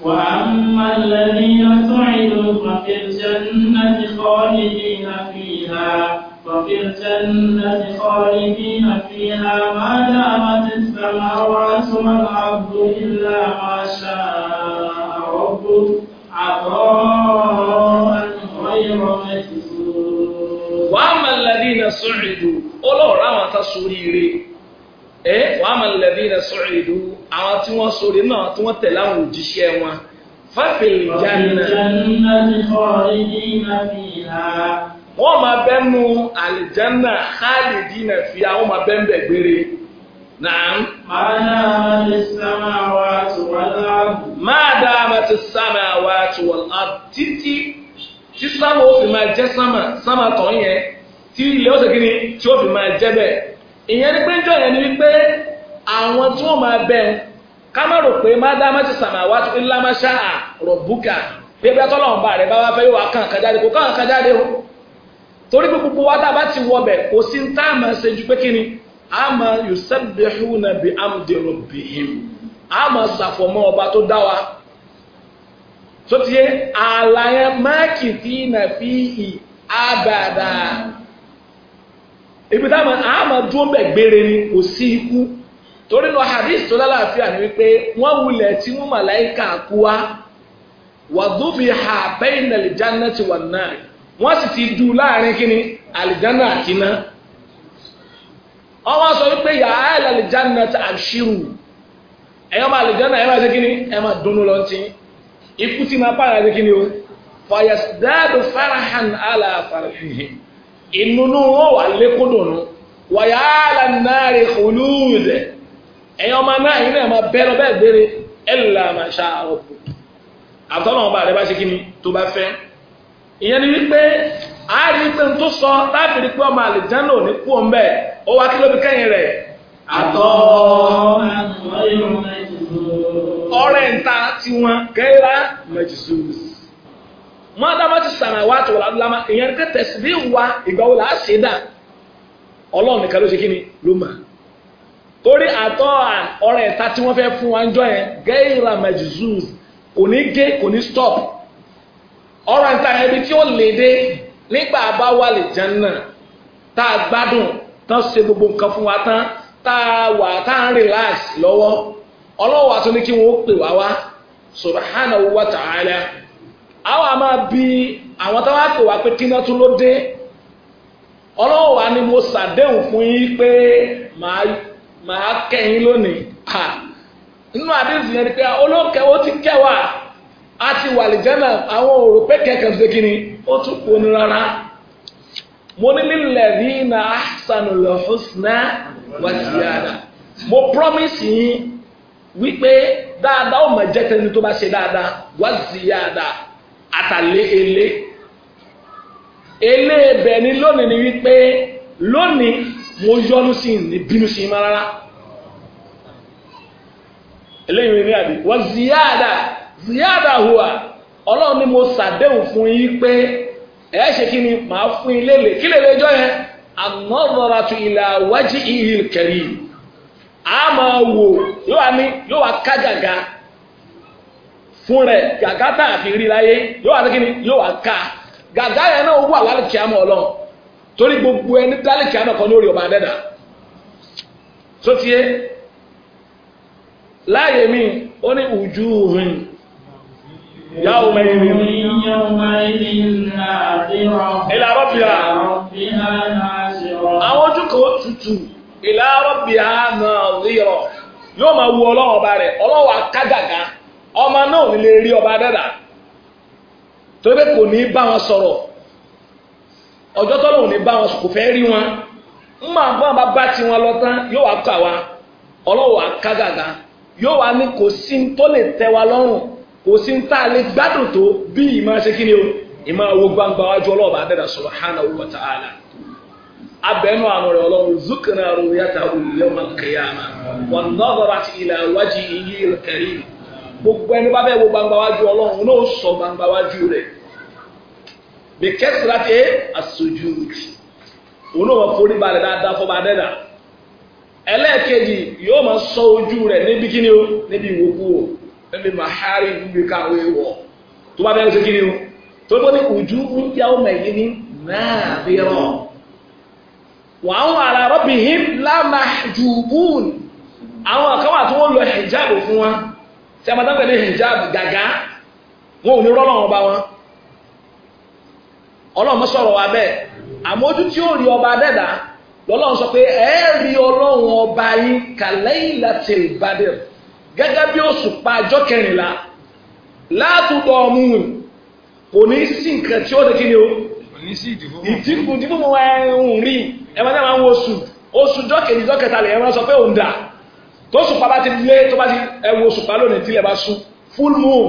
Speaker 3: وأما الذين سعدوا ففي الجنة خالدين فيها وفي الجنة خالدين فيها ما دامت السماوات والأرض إلا ما شاء
Speaker 1: ربك عطاء غير مجزور وأما الذين سعدوا Ọlọ́run àwọn tá ṣoríire ẹ وأما الذين سعدوا àwọn tí wọ́n ṣoríire náà tí wọ́n tẹ̀lé àwọn òjíṣẹ́ wọn ففي الجنة خالدين فيها wọ́n máa bẹ́ nu àlìjánná khalidina fi àwọn máa bẹ́ ń bẹ̀ gbére. Nàám. Máa dáa ti sámà wá ti wọ́n láàbù. Máa dáa ti sámà wá ti wọ́n láàbù. Títí tí sámà ó fi máa jẹ́ sámà sámà tọ̀ yẹn tí ilẹ̀ ó sì kí ni tí ó fi máa jẹ́ bẹ́ẹ̀. Ìyẹn pé jọ yẹn ni wípé àwọn tí wọ́n máa bẹ̀ ká pé má dáa má ti sámà wá ti ńlá má ṣáà rọ̀ búkà. Bí ẹgbẹ́ rẹ̀ bá wá fẹ́ yóò wá kàn kájáde kò kàn kájáde o torí pé gbogbo wa dábàá ti wọ bẹ̀ kò sí tá a máa ṣe ju pé kí ni a máa yusabbihuna bi amdi rabbihim a máa ṣàfọ̀mọ́ ọba tó dá wa tó ti yé àlàyé máàkì tí nà fi ì abàdà ibi táwọn a máa dúró bẹ̀ gbére ni kò sí ikú torí lọ hadith tó lálàáfíà ni wípé wọ́n wulẹ̀ tí mú màláìka kú wa wàdúbi ha bayna al jannati wan nar wọ́n sì ti dù láàrin kíni àlìjánà àti iná ọwọ́ sọ wípé yà á ilẹ̀ àlìjánà ti àṣírù
Speaker 2: ẹ̀yọ́ máa àlìjánà ẹ̀ máa ṣe kíni
Speaker 1: ẹ̀ máa dúnú lọ tí ikú ti máa pààrà ṣe kíni o fàyàsídáàdù farahan àlà farahin ìnunú wà lékúndùnú wàyà àlà náà rè kòlúùdẹ̀ ẹ̀yọ́ máa náà yìí náà máa bẹ́ẹ̀ lọ ẹ̀ ìyẹn ni wípé a rí wípé n tó sọ láti rí pé ọmọ àlìjáná ò ní kú òun bẹ́ẹ̀ ó wá kí ló fi kẹ́yìn rẹ̀ àtọ́ ọrẹ nta tiwọn kẹ́ra mẹ́jìsú mọ́ dábàá ti sàmà wá tó wà lámà ìyẹn ni pé tẹ̀síbí wa ìgbà wo là á ṣe dà ọlọ́run nìkan ló ṣe kí ni ló mà torí àtọ́ ọrẹ nta tí wọ́n fẹ́ fún wa ń jọ yẹn kẹ́ra mẹ́jìsú kò ní gé kò ní stop. ọ̀rọ̀ àǹtà ibi tí ó lè dé nígbà bá wà lè tá a gbogbo nǹkan fún wa tán tá a wà tá a ń relax lọ́wọ́ ọlọ́wọ́ àti kí wọ́n pè wá wá subhanahu wa ta'ala àwọn a máa bi àwọn tó wá pè wá pé kí náà ló dé ọlọ́wọ́ ni mo ṣàdéhùn fún àti wàlìjánà àwọn òrò pé kẹ̀kẹ́ ṣe kí ni ó tún kò ní rárá mo ní lílẹ̀ rí na ahsanul husna wa ziyada mo promise yín wípé dáadáa ó máa jẹ́ tẹni tó bá ṣe dáadáa wa ziyada àtàlé ele ibẹ̀ ni lónìí ni wípé lónìí mo yọnu sí ní bínú sí má rárá eléyìí ni àbí wa ziyada hùwà ọlọ́run ni mo sàdéhùn fún yín pé ẹ ṣe kí ni màá fún yín lélẹ̀ kí lélẹ̀ ẹjọ́ yẹn anọ́dọ̀ra tu ìlà wájú ìhìl a máa wò yóò wá ní yóò wá ká fún rẹ tá a fi rí láyé yóò wá ní kí ni yóò wá ká yẹn náà wà ọlọ́run torí gbogbo ẹni kan lórí ọba يومئذ إلى ربها àwọn ojú kan tutù ìlà rọ́bìá náà yóò máa wu ọlọ́run ọba rẹ̀ ọlọ́run akágàgá ọmọ náà nílé rí ọba dẹ́dà torí pé kò ní bá wọn sọ̀rọ̀ ọjọ́ tọ́lọ̀ ò ní bá wọn kò fẹ́ rí wọn ń máa bá wọn bá ti wọn lọ tán yóò wá kà kò sí ń taa lè gbádùn tó bí ìmọ̀ ṣe kí ni o ìmọ̀ owó gbangba wájú ọlọ́ọ̀bà adẹ́dà subhanahu wa ta'ala abẹ́nu àánú rẹ̀ ọlọ́run zukina rúyàtà yawmal qiyamah wọn nọ́ọ̀rọ̀ àti ila wajhihi al-karim gbogbo ẹni bá bẹ́ẹ̀ wo gbangba wájú ọlọ́run náà sọ gbangba wájú rẹ̀ bí kẹ́sìlá ti as ẹni màhárì níbi káwé wọ̀ tó bá bẹ́ẹ̀ ṣe kí ni o tó bá ní ojú ń yá ọmọ ẹ̀yìn ní náà bí rọ̀ wà á wà lára bí him lámà jùbùn àwọn àkọ́wà tí wọ́n lọ hijab fún wa tí a máa dábẹ̀ ní hijab gàgá wọn ò ní rọ́lọ́ ọba wọn ọlọ́run sọ̀rọ̀ wa bẹ́ẹ̀ àmójú tí ó rí ọba dẹ́dà lọ́lọ́run sọ pé ẹ̀ẹ́rì ọlọ́run ọba yín kàlẹ́yìn láti ìbádẹ́rù gẹ́gẹ́ bí òṣùpá ọjọ́ kẹrìnlá látúbọ̀ ọmú kò ní sí nǹkan tí ó dékí ni ó ìdínkù dínkù mọ́ ẹ̀rùn rí ẹ̀wọ̀n náà máa ń wo oṣù oṣù ọjọ́ kejì ọjọ́ kẹta lè ẹ̀wọ̀n sọ pé òun dà tó òṣùpá bá ti lé tó bá ti ẹ̀wọ̀n òṣùpá lónìí tí bá sùn full moon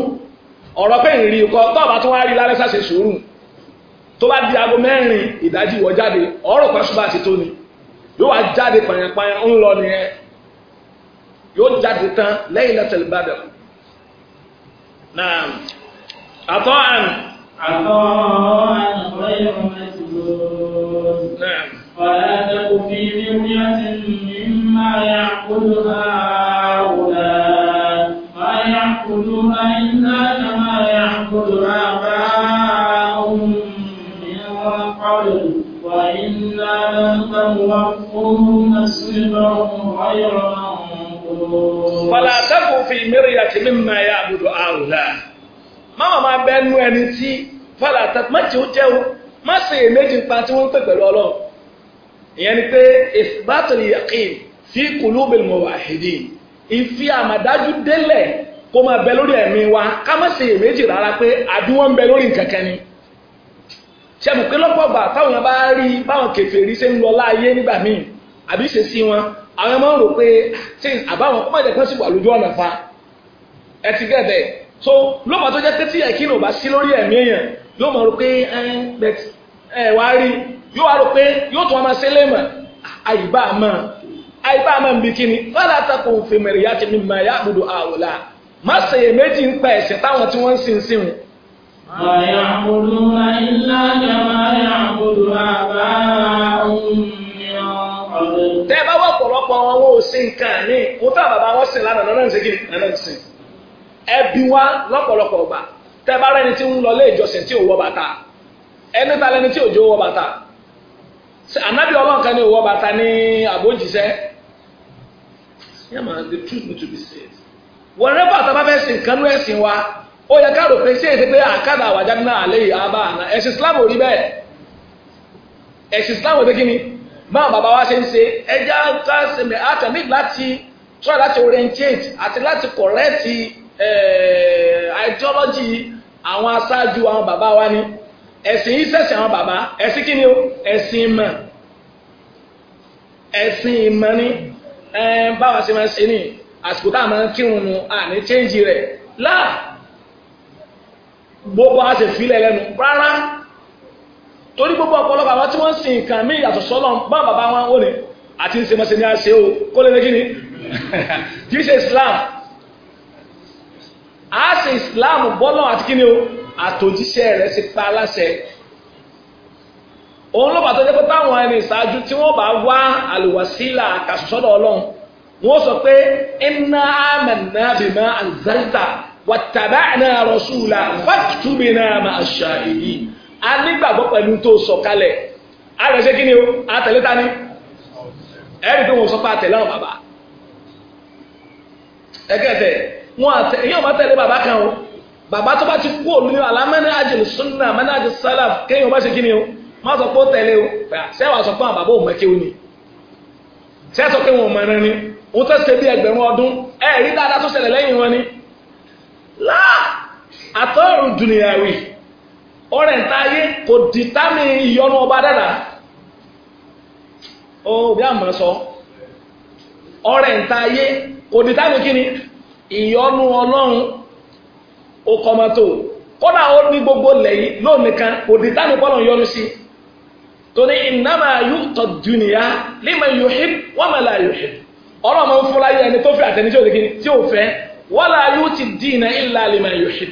Speaker 1: ọ̀rọ̀ pé ìrìn ikọ̀ tó bá tún wá rí lálẹ́ sàṣẹ sùúrù tó bá di aago mẹ́rin ìdájí wọ jáde ọ̀rọ̀ pàṣùbà ti tó ni yóò wá jáde pàyànpàyàn ń lọ nìyẹn yóò jáde tán lẹ́yìn lẹ́tẹ̀lẹ́ bá dẹ̀. na
Speaker 3: àtọ́ àmì. àtọ́ àmì ọ̀rẹ́ ìwọ̀n mẹ́sì lóòrùn. ọ̀rẹ́ àtẹ̀kù fi ní oníyàtì ní máa yà kúlù àwùdá. máa yà
Speaker 1: fala takun fi miryati mimma ya'budu àwùlà Mama máa bẹ nu ẹni tí fala takun má jẹun jẹun má ṣe èméjì pa tí wọ́n pè pẹ̀lú ọlọ́run ìyẹn ni pé isbatul yaqin fi qulubil muwahhidin ìfi àmàdájú délẹ̀ kó máa bẹ lórí ẹ̀mí wa ká má ṣe èméjì rárá pé àdúwọ́n ń bẹ lórí nǹkan kan ni ṣe mọ̀ pé lọ́pọ̀ bá rí báwọn kèfèrí ṣe ń lọ láàyè nígbà míì àbí ṣe sí wọn àwọn máa ń rò pé tí àbáwọn kó má jẹ́ pé sì wà lójú ọ̀nà fa ẹ ti gẹ́ bẹ́ẹ̀ so lóòpọ̀ tó jẹ́ pé tí ẹ̀kí náà bá sí lórí ẹ̀mí èèyàn yóò máa rò pé ẹ wá rí yóò wá rò pé yóò tún wá máa ṣe léèmọ̀ àyíbá máa àyíbá máa ń bi kíni fọlá àtàkù fèmèrè yá ti mímọ ẹ̀yà àbùdó àwòlá má ṣèyẹ méjì ń pa ẹ̀sìn táwọn tí wọ́n ń sin sí wọn. wọn wọn ò sí nǹkan ọba òun táwọn bàbá wọn sìn lánàá lọ́nà ìsìnkì lọ́nà ìsìn ẹbí wa lọ́pọ̀lọpọ̀ ọgbà tẹ bá rẹni tí ń lọ lé ìjọsìn tí ò wọ bàtà ẹni ta lẹni tí òjò wọ bàtà ànábì ọlọ́run kan ní òwọ bàtà ní àbójìṣẹ́ wọ́n rẹ́ bàtà fẹ́ sìn nǹkan ní ẹ̀sìn wa ó yẹ ká rò pé ṣé èsì pé àkàdà àwàjá náà àlẹ́ yìí á bá àná ẹ̀sìn Islam ò rí bẹ́ẹ̀ ẹ̀sìn Islam ò dé kí ni. máa bàbá wa ṣe ń ṣe ẹja ká ṣe mẹ àtẹ̀mí láti try láti orientate àti láti correct ideology àwọn aṣáájú àwọn bàbá wa ni ẹ̀sìn yìí ṣẹ̀sìn àwọn bàbá ẹ̀sìn kí ni o ẹ̀sìn ìmọ̀ ẹ̀sìn ìmọ̀ ni báwa ṣe máa ń ṣe ní àsìkò tá a máa ń kírun nu àní change rẹ̀ láà gbogbo a ṣe fi rárá torí gbogbo ọ̀pọ̀lọpọ̀ àwọn tí wọ́n ń sin nǹkan mí ìyàtọ̀ sọ́lọ̀ bá bàbá wọn ó ní àti ń ṣe mọ́sẹ̀ ní àṣẹ o kó lè lẹ́gí ni <laughs> kì í ṣe Islam a ṣe Islam bọ́lọ̀ àti kí ni o àtòjíṣẹ́ rẹ̀ ti pa aláṣẹ òun ló bàtọ́ jẹ́ pé táwọn ẹni ìṣáájú tí wọ́n bá wá àlùwàsílà kàṣọ́sọ́dọ̀ Ọlọ́run wọ́n sọ pé inna amanna bima anzalta wattaba'na rasula faktubna ma'ash-shahidin a nígbàgbọ́ pẹ̀lú tó sọ̀kalẹ̀ a lọ ṣe kí ni o a tẹ̀lé ta ni ẹ̀rí tó wọ́n sọ pé a tẹ̀lé àwọn bàbá ẹ̀kẹ́tẹ̀ wọn àtẹ èyí ọba tẹ̀lé bàbá kan o bàbá tó bá ti kú òlu ni alámẹ́ni àjẹlù sunna mẹ́ni àjẹ sálà kéèyàn bá ṣe kí ni o má sọ pé ó tẹ̀lé o sẹ́wà sọ pé àwọn bàbá ò mẹ́kẹ́ o ni sẹ́ pé wọn mẹ́rin ni òun tẹ́ ṣe bí ẹgbẹ̀rún ọdún ẹ̀rí dáadáa tó ṣẹlẹ̀ lẹ́yìn wọn ni láà àtọ́rùn dùnìyàwó ọrẹ nta ayé kò dìtámì ìyọnu ọba dada ó bí àmọ́ sọ ọrẹ nta ayé kò dìtámì kíni ìyọnu ọlọ́run ó kọ́mọ́tò kódà ó ní gbogbo lẹ́yìn lónìkan kò dìtámì pọ́lọ̀ yọnu sí torí ìnáma yóò tọ́ dùnìyà lima yuhib wa ma la yuhib ọlọ́run máa ń fún láyé ẹni tó fẹ́ àtẹnijọ́ tí ò fẹ́ wala yuti dina illa lima yuhib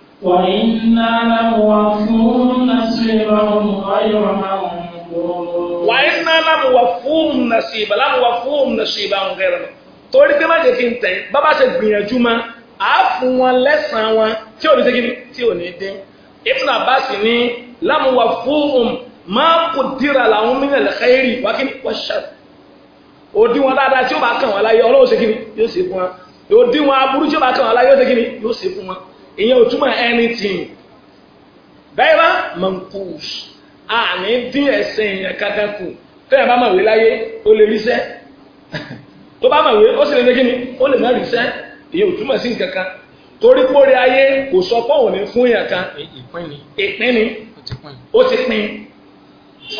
Speaker 1: وإنا لموفوهم نصيبهم غير منقوص وإنا لموفوهم نصيبا لموفوهم نصيبا غير منقوص torí pé má jẹ́ kí n tẹ̀ bábá ṣe gbìyànjú ma á fún wọn lẹ́sàn-án wọn tí ò ní ṣe kí tí ò ní dín Ibn Abbas ní lámùwà fún ma qudira lahum min al-khairi wá kí ni dáadáa tí ó bá kàn wọ́n láyé ọlọ́run ṣe kí ni yóò ṣe fún wọn ìyẹn ò túmọ̀ anything dáìrá mankus àní dín ẹ̀sìn ìyẹn kankan kù bá màwé láyé ó lè ríṣẹ́ tó bá màwé ó sì lè ní kíni ó lè má ríṣẹ́ ìyẹn ò túmọ̀ sí nǹkan torí pórí ayé kò sọ pọ́ùn ní fún ìyẹn kan ìpín ni ó ti pín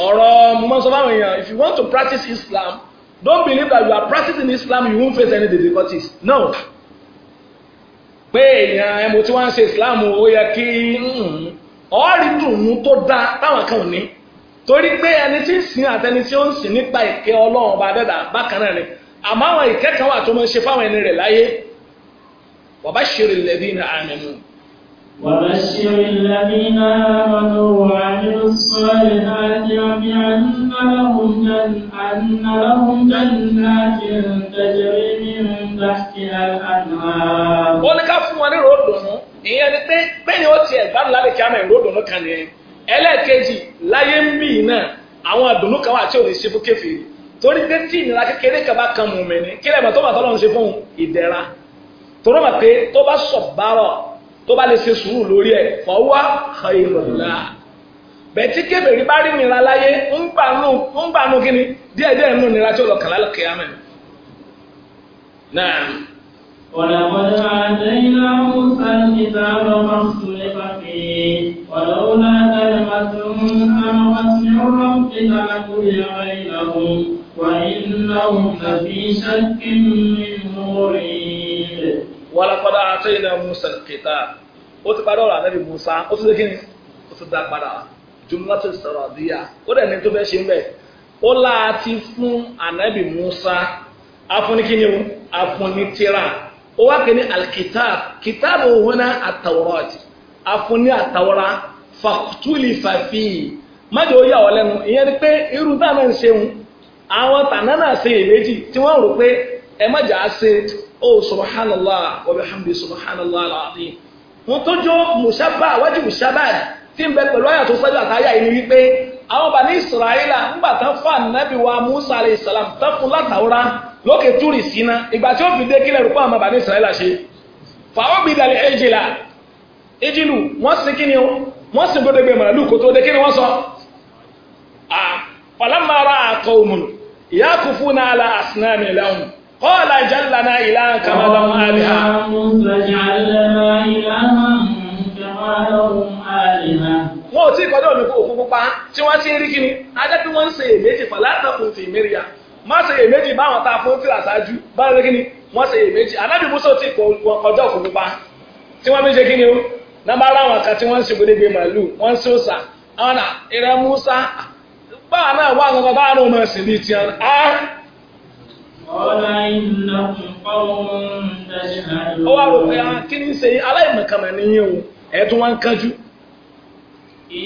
Speaker 1: ọ̀rọ̀ mọ́sọ́ èèyàn if you want to practice Islam don't believe that you are practicing Islam you won't face any difficulties no pé èèyàn ẹmu tí wọ́n ń ṣe islam ó yẹ kí hmm, ọ̀rí dùnú tó dáa táwọn kan ò ní torí pé ẹni tí ń sìn àtẹni tí ó ń sìn nípa ìkẹ́ ọlọ́run ọba dẹ́dà bákan náà ni àmọ́ àwọn ìkẹ́kọ̀ọ́ wà tó máa ń ṣe fáwọn ẹni rẹ̀ láyé wabashiril ladina amanu
Speaker 3: وبشر الذين آمنوا وعملوا الصالحات وبأن لهم أن لهم جنات تجري من تحتها
Speaker 1: الأنهار. wọ́n ní ká fún wọn ní ròdùnú ìyẹn ni pé bẹ́ẹ̀ ni ó tiẹ̀ gbádùn lálẹ́ kí á mẹ́rin ròdùnú kan nìyẹn ẹlẹ́ẹ̀kejì láyé ń bì náà àwọn àdùnnú kan wà tí ò ní ṣe fún kèfèrí torí pé tí ìnira kékeré kan bá kan mùmí ni kílẹ̀ mọ̀ tó bá tọ́lọ́ ń ṣe fún ìdẹ̀ra torí wọn pé tó bá sọ̀ bárọ̀ tó bá lè ṣe sùúrù lórí ẹ̀ fọwọ́ ìrọ̀lá bẹ̀tí kébèrè bá rí nira láyé ń gbà nù kíni díẹ̀díẹ̀ nù nira tí ó lọ kàlá lọ kẹ́yà mẹ́rin. náà.
Speaker 3: ولقد آتينا موسى الكتاب فاختلف فيه ولولا
Speaker 1: كلمة سبقت من ربك ó ti parí ọ̀rọ̀ ànábì Musa ó tún ṣe kí ni ó tún dá padà jùmọ́ tó sọ̀rọ̀ àdíyà ó dẹ̀ ní tó bẹ́ ṣe ń bẹ̀ ó láti fún ànábì Musa afunikini afunitira ó wá kí ni alkitab kitabu huna atawrat afuni atawra fakutulifa fihi májò ó yà ọ́ lẹ́nu ìyẹn ni pé irú táwọn ń ṣeun àwọn tànà náà ṣe èméjì tí wọ́n rò pé ẹ má jà á ṣe ó oh, subhanallah wa bihamdi subhanallah alazim wọn tó jó mùsábà wájú mùsábà tí ń bẹ pẹ̀lú àyà tó ṣáájú àtàyà yìí ni wípé àwọn bàní musa alayhi salam tán fún látàwọ́rá lókè túrì síná ìgbà tí ó fi dé kílẹ̀ rúpọ̀ àwọn ṣe wọ́n kí ni wọ́n sì gbọ́dọ̀ gbé màlúù kó tó dé kí ni wọ́n sọ ah, قال اجعل لنا إلها كما لهم آلهة wọ́n ò tí ìkọ́dọ̀ olùkọ́ òkú pupa tí wọ́n ti ń rí a ajẹ́ ala wọ́n ń ṣe èméjì pọ̀ látàkùn ti mẹ́rìá má ṣe èméjì báwọn ta fún tíra ṣáájú báwọn ṣe kíni wọ́n ṣe èméjì anábì musa ò tí kọjá òkú pupa tí wọ́n méje kíni o nàbà aláwọn kan tí wọ́n ń ṣe gbẹdẹgbẹ màálù wọ́n ṣe òòṣà àwọn ìrẹ́ musa báwọn náà wà ó wá rò pé ah, kí ni ṣe aláìmọ̀kànmọ̀ ní yín o ẹ̀ tún wá ń kánjú.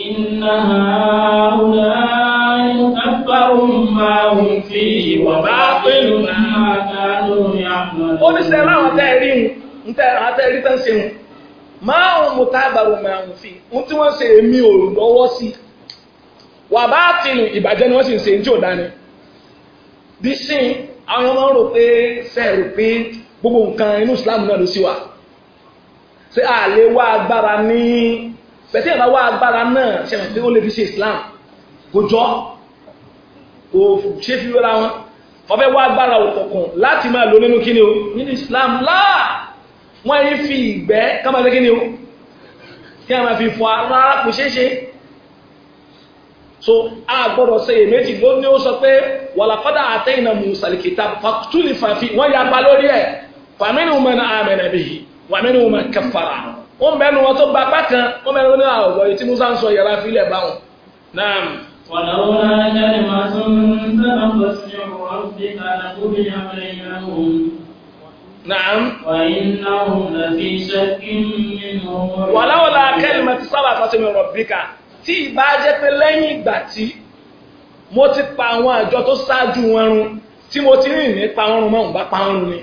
Speaker 1: Inna haula akbaru
Speaker 3: ma fi wa baqilu ma kanu ya'malun.
Speaker 1: Ó ní sẹ́yìn láwọn tẹ́ ẹ rí ń tẹ́ àwọn tẹ́ ẹ rí tán ṣe ń. Máa ń mú tábàrù máa ń fi. Ohun tí wọ́n ṣe èmi ò sí. Wà bá tìlù ìbàjẹ́ ni wọ́n sì ń ṣe ní tí ò dání. Bí sìn àwọn ọmọ rò pé sẹ́ẹ̀rù pé gbogbo nǹkan inú islam náà ló sì wà ṣé a lè wá agbára ní pẹ̀tẹ́ ìbá wá agbára náà ṣe mọ̀ pé ó lè fi ṣe islam kò jọ kò ṣe fi wéra wọn ọbẹ̀ wá agbára òkùnkùn láti máa lò nínú kíni o nínú islam láà wọ́n yìí fi ìgbẹ́ kí a máa fi fọ ara kò ṣeé ṣe so a gbọ́dọ̀ ṣe èméjì ló ní ó sọ pé wàlàkọ́dà àtẹ́yìnà mùsàlìkìtà fàtúlì fàfi wọ́n yà bá lórí ẹ̀ fàmínú mẹ́nu àmẹ́nà bìí wàmínú mẹ́nu kẹfàrà ó mẹ́nu wọn tó gba apá kan ó mẹ́nu wọn ní àwọ̀ ah, èyí tí musa ń sọ yẹra fílẹ̀ báwọn. naam. wàlàwọ́lá jáde
Speaker 3: máa tún sábà bọ̀ sí ọ̀rọ̀ bí kàlàkùnrin yàrá ìyá نعم وإنهم لفي شك منه ولولا كلمة
Speaker 1: سبقت من ربك tí ìbá jẹ́ pé lẹ́yìn ìgbà tí mo ti pa àwọn àjọ tó ṣáájú wọn run tí mo ti rìn ní pa wọn run mọ́hùn bá pa wọn run ni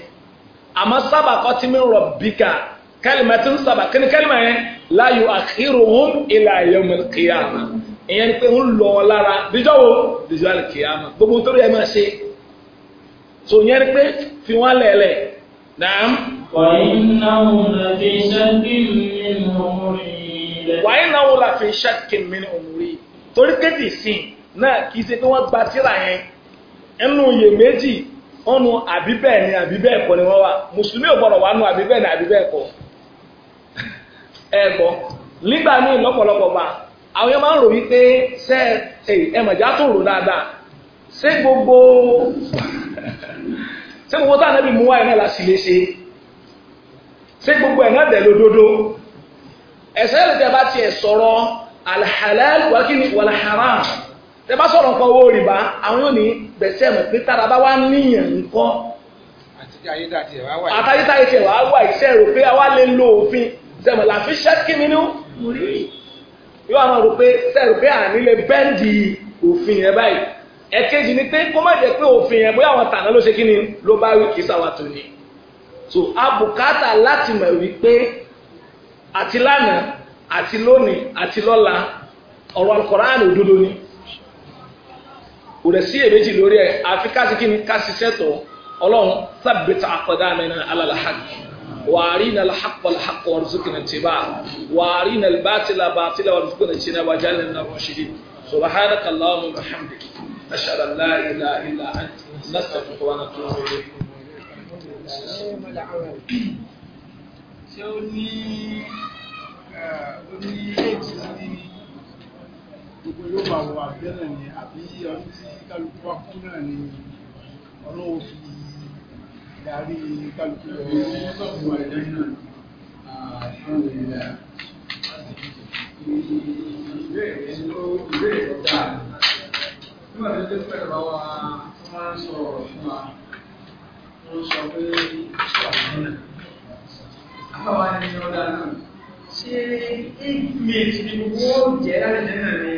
Speaker 1: àmọ́ sábà kọ́ tí mi rọ̀ bíkà kẹ́lìmẹ́ tí ń sábà kí ni kẹ́lìmẹ́ yẹn láyò akhiruhum ila yawmil qiyamah ìyẹn ni pé ń lọ lára díjọ́ wo díjọ́ al-qiyamah gbogbo nítorí ẹ máa ṣe so ìyẹn ni pé fi wọ́n lẹ̀lẹ̀ dàm. wàyí náà mo nà fi ṣẹ́kì mi mọ̀ ọ́ rìn wàyí náà wò láfi ṣàkíyèmí mi ní òmùrí torí kéde ìsìn náà kì í ṣe pé wọ́n gba tíra yẹn ẹnu iye méjì ọnu àbí bẹ́ẹ̀ ni àbí bẹ́ẹ̀ kọ́ ni wọ́n wà mùsùlùmí ò gbọ́dọ̀ wà nù àbí bẹ́ẹ̀ ni àbí bẹ́ẹ̀ kọ́ <laughs> ẹ gbọ́ nígbà míì lọ́pọ̀lọpọ̀ gbà àwọn yẹn máa ń rò wípé ṣe ẹ mọ̀já tó rò dáadáa ṣé gbogbo <laughs> ṣé gbogbo táwọn ẹbí mú wáyé náà la sì lè ṣe ṣé gbogbo ẹ̀ náà dẹ̀ lódodo ẹ̀sẹ̀ lè tẹ́ bá tiẹ̀ sọ̀rọ̀ alhalal wakini wàlharam tẹ́ bá sọ̀rọ̀ nǹkan owó rìbá àwọn yóò ní bẹ̀sẹ̀ mọ̀ pé tára bá wá níyàn nǹkan
Speaker 4: àtàyétáyé tiẹ̀ wá wà iṣẹ́
Speaker 1: rò pé àwa lè lo òfin sẹ́mọ̀ làfi ṣẹ́kí mi ní orí yóò àwọn rò pé sẹ́rò pé àní lè bẹ́ǹdì òfin yẹn báyìí ẹ̀kejì ni pé kó má jẹ́ pé òfin yẹn bóyá àwọn tàná ló ṣe kí ni ló bá wí kì sàwàtò ni so abùkátà láti mọ̀ wípé àti lánàá àti lónìí àti lọ́la ọ̀rọ̀ alukọ̀ránì òdodo ni kò rẹ̀ sí èméjì lórí ẹ̀ àfi káṣí kí ni káṣí sẹ́tọ̀ ọlọ́run thabbit aqdamana ala al-haqq وارينا الحق والحق وارزقنا اتباعه وارينا الباطل باطلا وارزقنا اجتنابه واجعلنا من الراشدين سبحانك اللهم وبحمدك نشهد ان لا اله الا انت نستغفرك ونتوب اليك
Speaker 4: ṣé ó ní ó ní èjì sí gbogbo yóò bá wọ abẹ́ náà ni àbí ọdún tí kálukú bá kú náà ni ọlọ́wọ́ fi darí kálukú lọ. ọ̀rọ̀ tó fún wa
Speaker 2: ẹ̀jẹ̀ náà fún ìlà ìbéèrè ló ìbéèrè dáa nígbà tó dé pẹ̀lú bá wa wọ́n máa ń sọ̀rọ̀ fún wa wọ́n sọ pé sọ̀rọ̀
Speaker 4: inmate ni gbogbo jẹ́ lálẹ́lẹ́ náà ni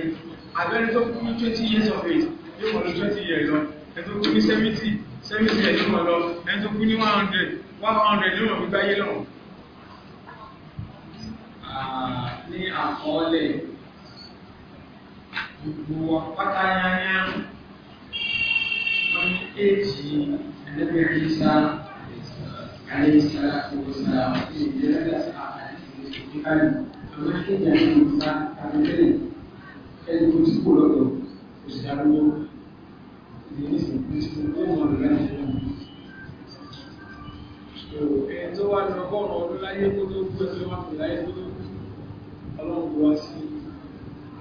Speaker 4: abẹ́rẹ́ tó kú 20 years of age yóò mọ̀ lọ 20 years lọ ẹni tó kú ní seventy 70 years mọ̀ lọ ẹni tó kú ní one hundred yóò mọ̀ gbígbá yé lọ ní àkọọ́lẹ̀ gbogbo pátáyáyá
Speaker 2: wọ́n ní èjì ẹlẹ́gbẹ̀rẹ̀ ìsá àlẹ́ ìsá kò sára ìdílẹ́gbẹ̀rẹ̀ àkàlẹ̀ ìgbẹ̀rẹ̀ àmọ́ kéèyàn ní ìgbà àbẹ̀tẹ́lẹ̀ ẹni tó ti kò lọ́dọ̀ kò sì darúgbó de ní ìsìn kí sí ní ìmọ̀ rẹ̀ láti ṣe náà ẹni tó
Speaker 4: wá lọ bọ́ọ̀rọ̀ ọdún láyé tó tó kú ẹni tó wá pè láyé tó tó kú ọlọ́run kò wá sí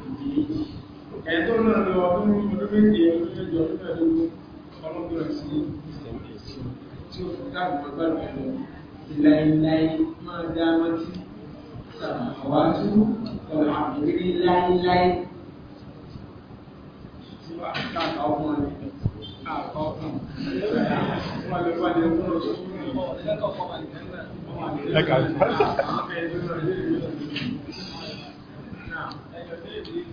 Speaker 4: ìdí ẹni tó náà lọ ọdún ọdún méje ọdún méje ọdún mẹ́ẹ̀ẹ́dógún ọlọ́run kò wá sí ìsẹ̀mí tí ó fi dáàbò gbàgbà lọ ìlànà máa dá máa tí الخواتم والعبد لله Thank
Speaker 2: you.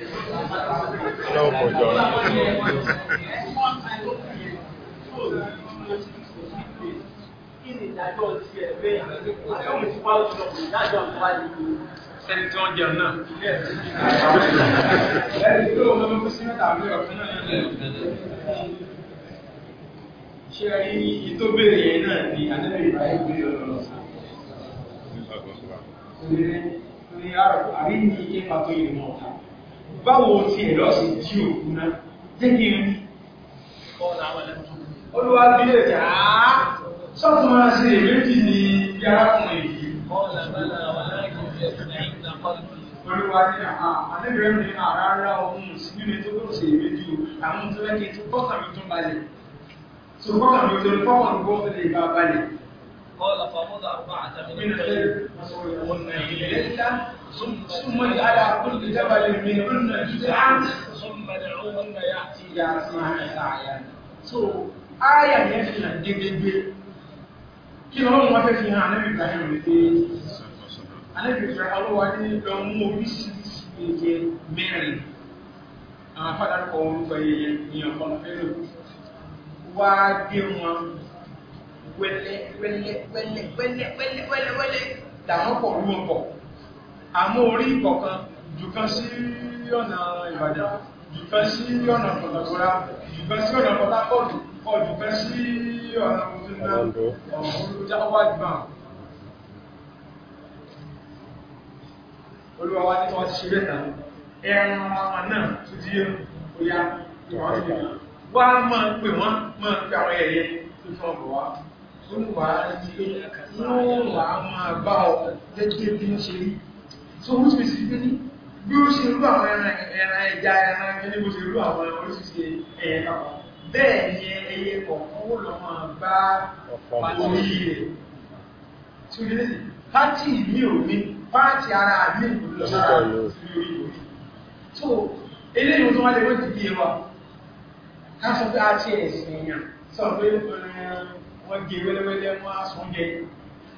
Speaker 1: Ọlọ́run kò
Speaker 2: jọ ọ́nà.
Speaker 4: Ẹni tí wọ́n jẹun náà. Ẹni tí ó mọ́ fún sí mẹ́ta
Speaker 2: àbí ọ̀kan náà yẹn lẹ́yìn ṣe rí ìtó bèèrè yẹn náà ni àdébì ìbáyé bèèrè ọ̀rọ̀ lọ́sàn.
Speaker 4: Ní àrùn àrí ní ipa tó yẹ mọ́ ọ̀tá báwo ti ẹ̀lọ́ sí jí òkú náà jẹ́ kí n
Speaker 1: olúwa bí lè jà á
Speaker 2: sọ́tún máa ṣe èméjì ní yàrá fún èyí
Speaker 4: olúwa ní àlébẹ̀rẹ̀ ní àrárá ohun sí nínú tó gbọ́dọ̀ ṣe èméjì o àwọn tó lẹ́kẹ́ tó kọ́kàn mi tó balẹ̀ tó kọ́kàn mi tó kọ́kàn mi tó lè bá balẹ̀.
Speaker 1: قال فوضع بعد
Speaker 4: من الخير وسوى الى
Speaker 1: ثم على كل جبل منهن جزعا ثم ادعوهن
Speaker 2: ياتي
Speaker 4: رسمهن سعيا so aya yẹn fi hàn gédégbé kí lọ́wọ́ wọn fẹ́ fi hàn anábì ibrahim wípé anábì ibrahim ọlọ́wà ní lọ mú oríṣiríṣi ẹyẹ mẹ́rin àwọn afádàkọ̀ orúkọ ẹyẹ ní ọ̀pọ̀lọpọ̀ fẹ́lẹ̀ wá dé wọn wẹ́lẹ́ wẹ́lẹ́ wẹ́lẹ́ wẹ́lẹ́ wẹ́lẹ́ wẹ́lẹ́ dàmọ́pọ̀ rúmọ̀pọ̀ àmọ́ orí ìkọ̀kan jùkan sí ọ̀nà Ìbàdàn jùkan sí ọ̀nà pọ̀tàkùrá jùkan sí ọ̀nà pọ̀tàkọ́ọ̀dù kọ jùkan sí ọ̀nà òtúnlá Olúwa wa ní wọ́n ti ṣe bẹ́ta ẹran àwọn náà tó di ọya wá máa ń pè wọ́n máa ń pè àwọn ẹ̀yẹ tó fún ọ̀bọ̀ wá ó wà á ní ó wà á máa bá ọ gẹ́gẹ́ bí ń ṣe rí so oríṣìíríṣìí pé ní bí ó ṣe rú àwọn ẹran ẹja ẹran ẹni bó ṣe rú
Speaker 3: àwọn oríṣìíríṣìí ẹ̀yẹ náà
Speaker 4: bẹ́ẹ̀ ni ẹyẹ kọ̀ọ̀kan ó lọ máa bá orí rẹ̀ tí ó lé sí pátì mi ò ní pátì ara mi kò lọ sára lórí orí so eléyìí tó wá lè wọ́n ti bí ẹwà ká sọ pé a ti ẹ̀sìn èèyàn sọ pé eh, wọ́n gé wẹ́lẹ́wẹ́lẹ́ wọ́n á sún jẹ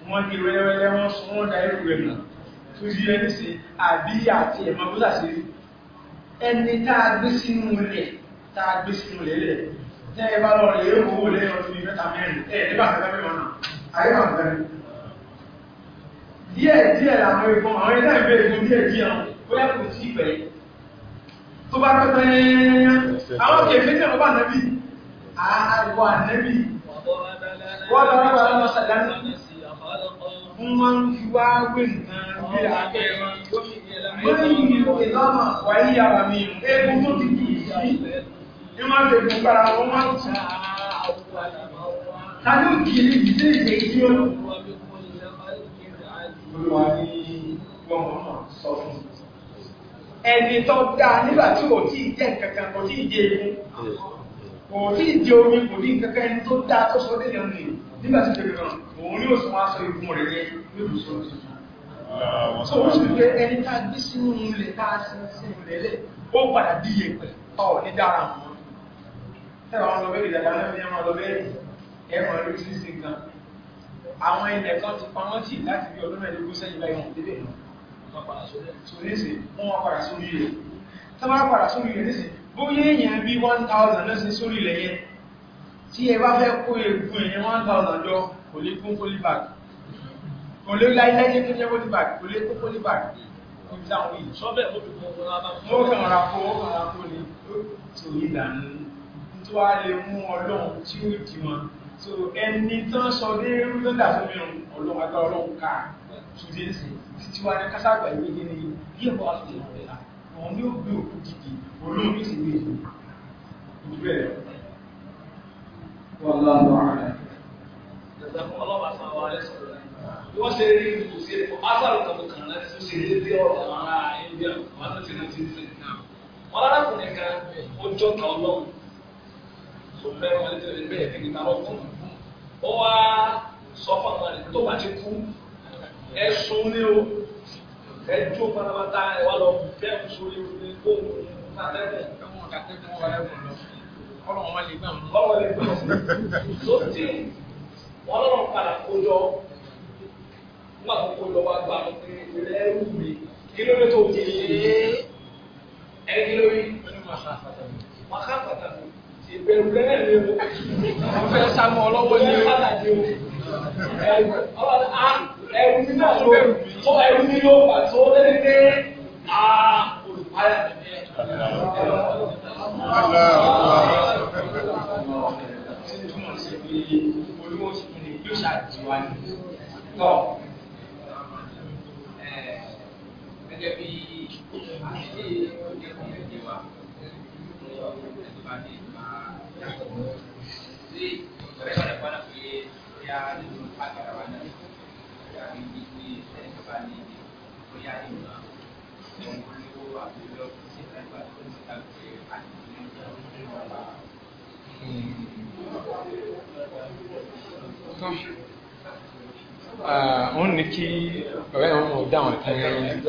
Speaker 4: wọ́n gé wẹ́lẹ́wẹ́lẹ́ wọ́n sún wọ́n dá irú rẹ̀ náà rí ẹni sí àbí àti ẹ̀mọ́ bó láti rí ẹni tá a gbé sínú ilẹ̀ tá a gbé sínú ilẹ̀ lẹ̀ tẹ́ ẹ bá lọ rẹ̀ yóò owó lẹ́yìn ọdún bíi mẹ́ta mẹ́rin ẹ̀ nígbà fẹ́ fẹ́ wọn náà ayé wà fẹ́ díẹ̀ díẹ̀ làwọn ìbọn àwọn ilé ìgbé ìbọn díẹ̀ díẹ̀ bóyá kò tí ì
Speaker 1: tó bá pẹ́ pẹ́
Speaker 2: àwọn kèfé náà
Speaker 4: wọ́n lọ rẹ̀ wà
Speaker 2: lóyìn ìlànà wáyé yàrá
Speaker 4: mi
Speaker 1: egun tó ti kì í sí
Speaker 4: ní máa lè fún para wọn máa ẹni tó dáa nígbà tí kò tí jẹ́ kankan kò tí ì jẹ́ kò tí ì omi kò ní kankan ẹni tó dáa tó sọ délẹ̀ ọ̀nà nígbà tí ó jẹ́ kankan wá sọ ikú rẹ̀ yẹ yóò sọ Ah, so ó sì pé ẹni tá a gbé sínú ilẹ̀ tá a sin sínú ilẹ̀ lẹ̀ ó padà di yẹ̀pẹ̀ ọ̀ ní dára mọ́ ẹ̀rọ àwọn lọ́bẹ̀rẹ̀ ìdàdà lẹ́nu ẹ̀rọ lọ́bẹ̀rẹ̀ ẹ̀rọ lóríṣiríṣi kan àwọn ilẹ̀ kan ti pamọ́ tì láti bí ọdún mẹ́ẹ̀ẹ́dógún sẹ́yìn báyìí wọn débẹ̀ wọn padà sórí rẹ̀ wọn padà sórí rẹ̀ tó bá padà sórí rẹ̀ nísìn bóyá èèyàn bí one thousand lọ́sẹ̀ sórí ilẹ̀ yẹn tí ẹ bá fẹ́ kó egun èèyàn one thousand jọ kò lè kún fólíbàgì kò lè láíláí tó jẹ́ polybag kò lè tó polybag
Speaker 1: níbi táwọn yìí sọ́bẹ̀ ó dùn fún ọlá náà ó kàn ra
Speaker 4: kó ó kàn ra kó ní tó ìlànà tó wá lè mú ọlọ́run tí ó dì wọn so ẹni tán sọ dé rú tó dà fún mìíràn ọlọ́run agbá ọlọ́run ká ṣùgbọ́n sí títí wá ní kásáàgbà ìwé yé ni bí ẹ̀kọ́ wá sí ìrọ̀lẹ́ la òun ni ó gbé òkú dìde olóòrùn yóò sì gbé ìlú ojú ẹ̀ wọ́n lọ́wọ́
Speaker 1: ààrẹ bí wọ́n ṣe rí kò sí ẹ̀kọ́ ásàrò tàbí kàn láti tún ṣe déédé ọ̀rọ̀ ara india wọn tó ti rántí ṣe náà wọn lárakùnrin kan ó jọ́ta ọlọ́run tó bẹ́ẹ̀ wọn lè tẹ̀lé bẹ́ẹ̀ kí n ta lọ́kùnrin ó wá sọ fún àwọn àlejò tó bá ti kú ẹ sùn ní o ẹ jó pátápátá ẹ wá lọ bẹ́ẹ̀ ń sọ yóò ní kó o kàtẹ́kùn kàtẹ́kùn kàtẹ́kùn wà lẹ́kùn lọ ọlọ́run wọn lè gbà wọn. ọlọ́run lè gbà wọn. tó ti wọn lọ́rọ̀ padà kó jọ nígbà tó kó lọ wá gba ìpínlẹ̀ ẹrú mi kí ló dé tó ti ṣe é ẹni kí ló rí
Speaker 2: màkà pàtàkì
Speaker 1: ìbẹ̀rù lẹ́yìn ni o wọ́n fẹ́ sá mọ́ o ni o ẹrú mi náà ló tó ẹrú mi ló bà tó
Speaker 2: lẹ́yìn pé a olùpáyà tẹ̀lé.
Speaker 4: Tọ́. 这边还是比较便
Speaker 3: 宜吧，主要是成都饭店嘛，价格。所以，相对来说比
Speaker 4: 周边的物价要便宜一点，因为成都啊，比较偏在成都这边，而且便宜
Speaker 2: 一点。嗯。好。Ah, òun ní kí ọ̀rẹ́ òun ò dáhùn ẹ̀tàn yẹn.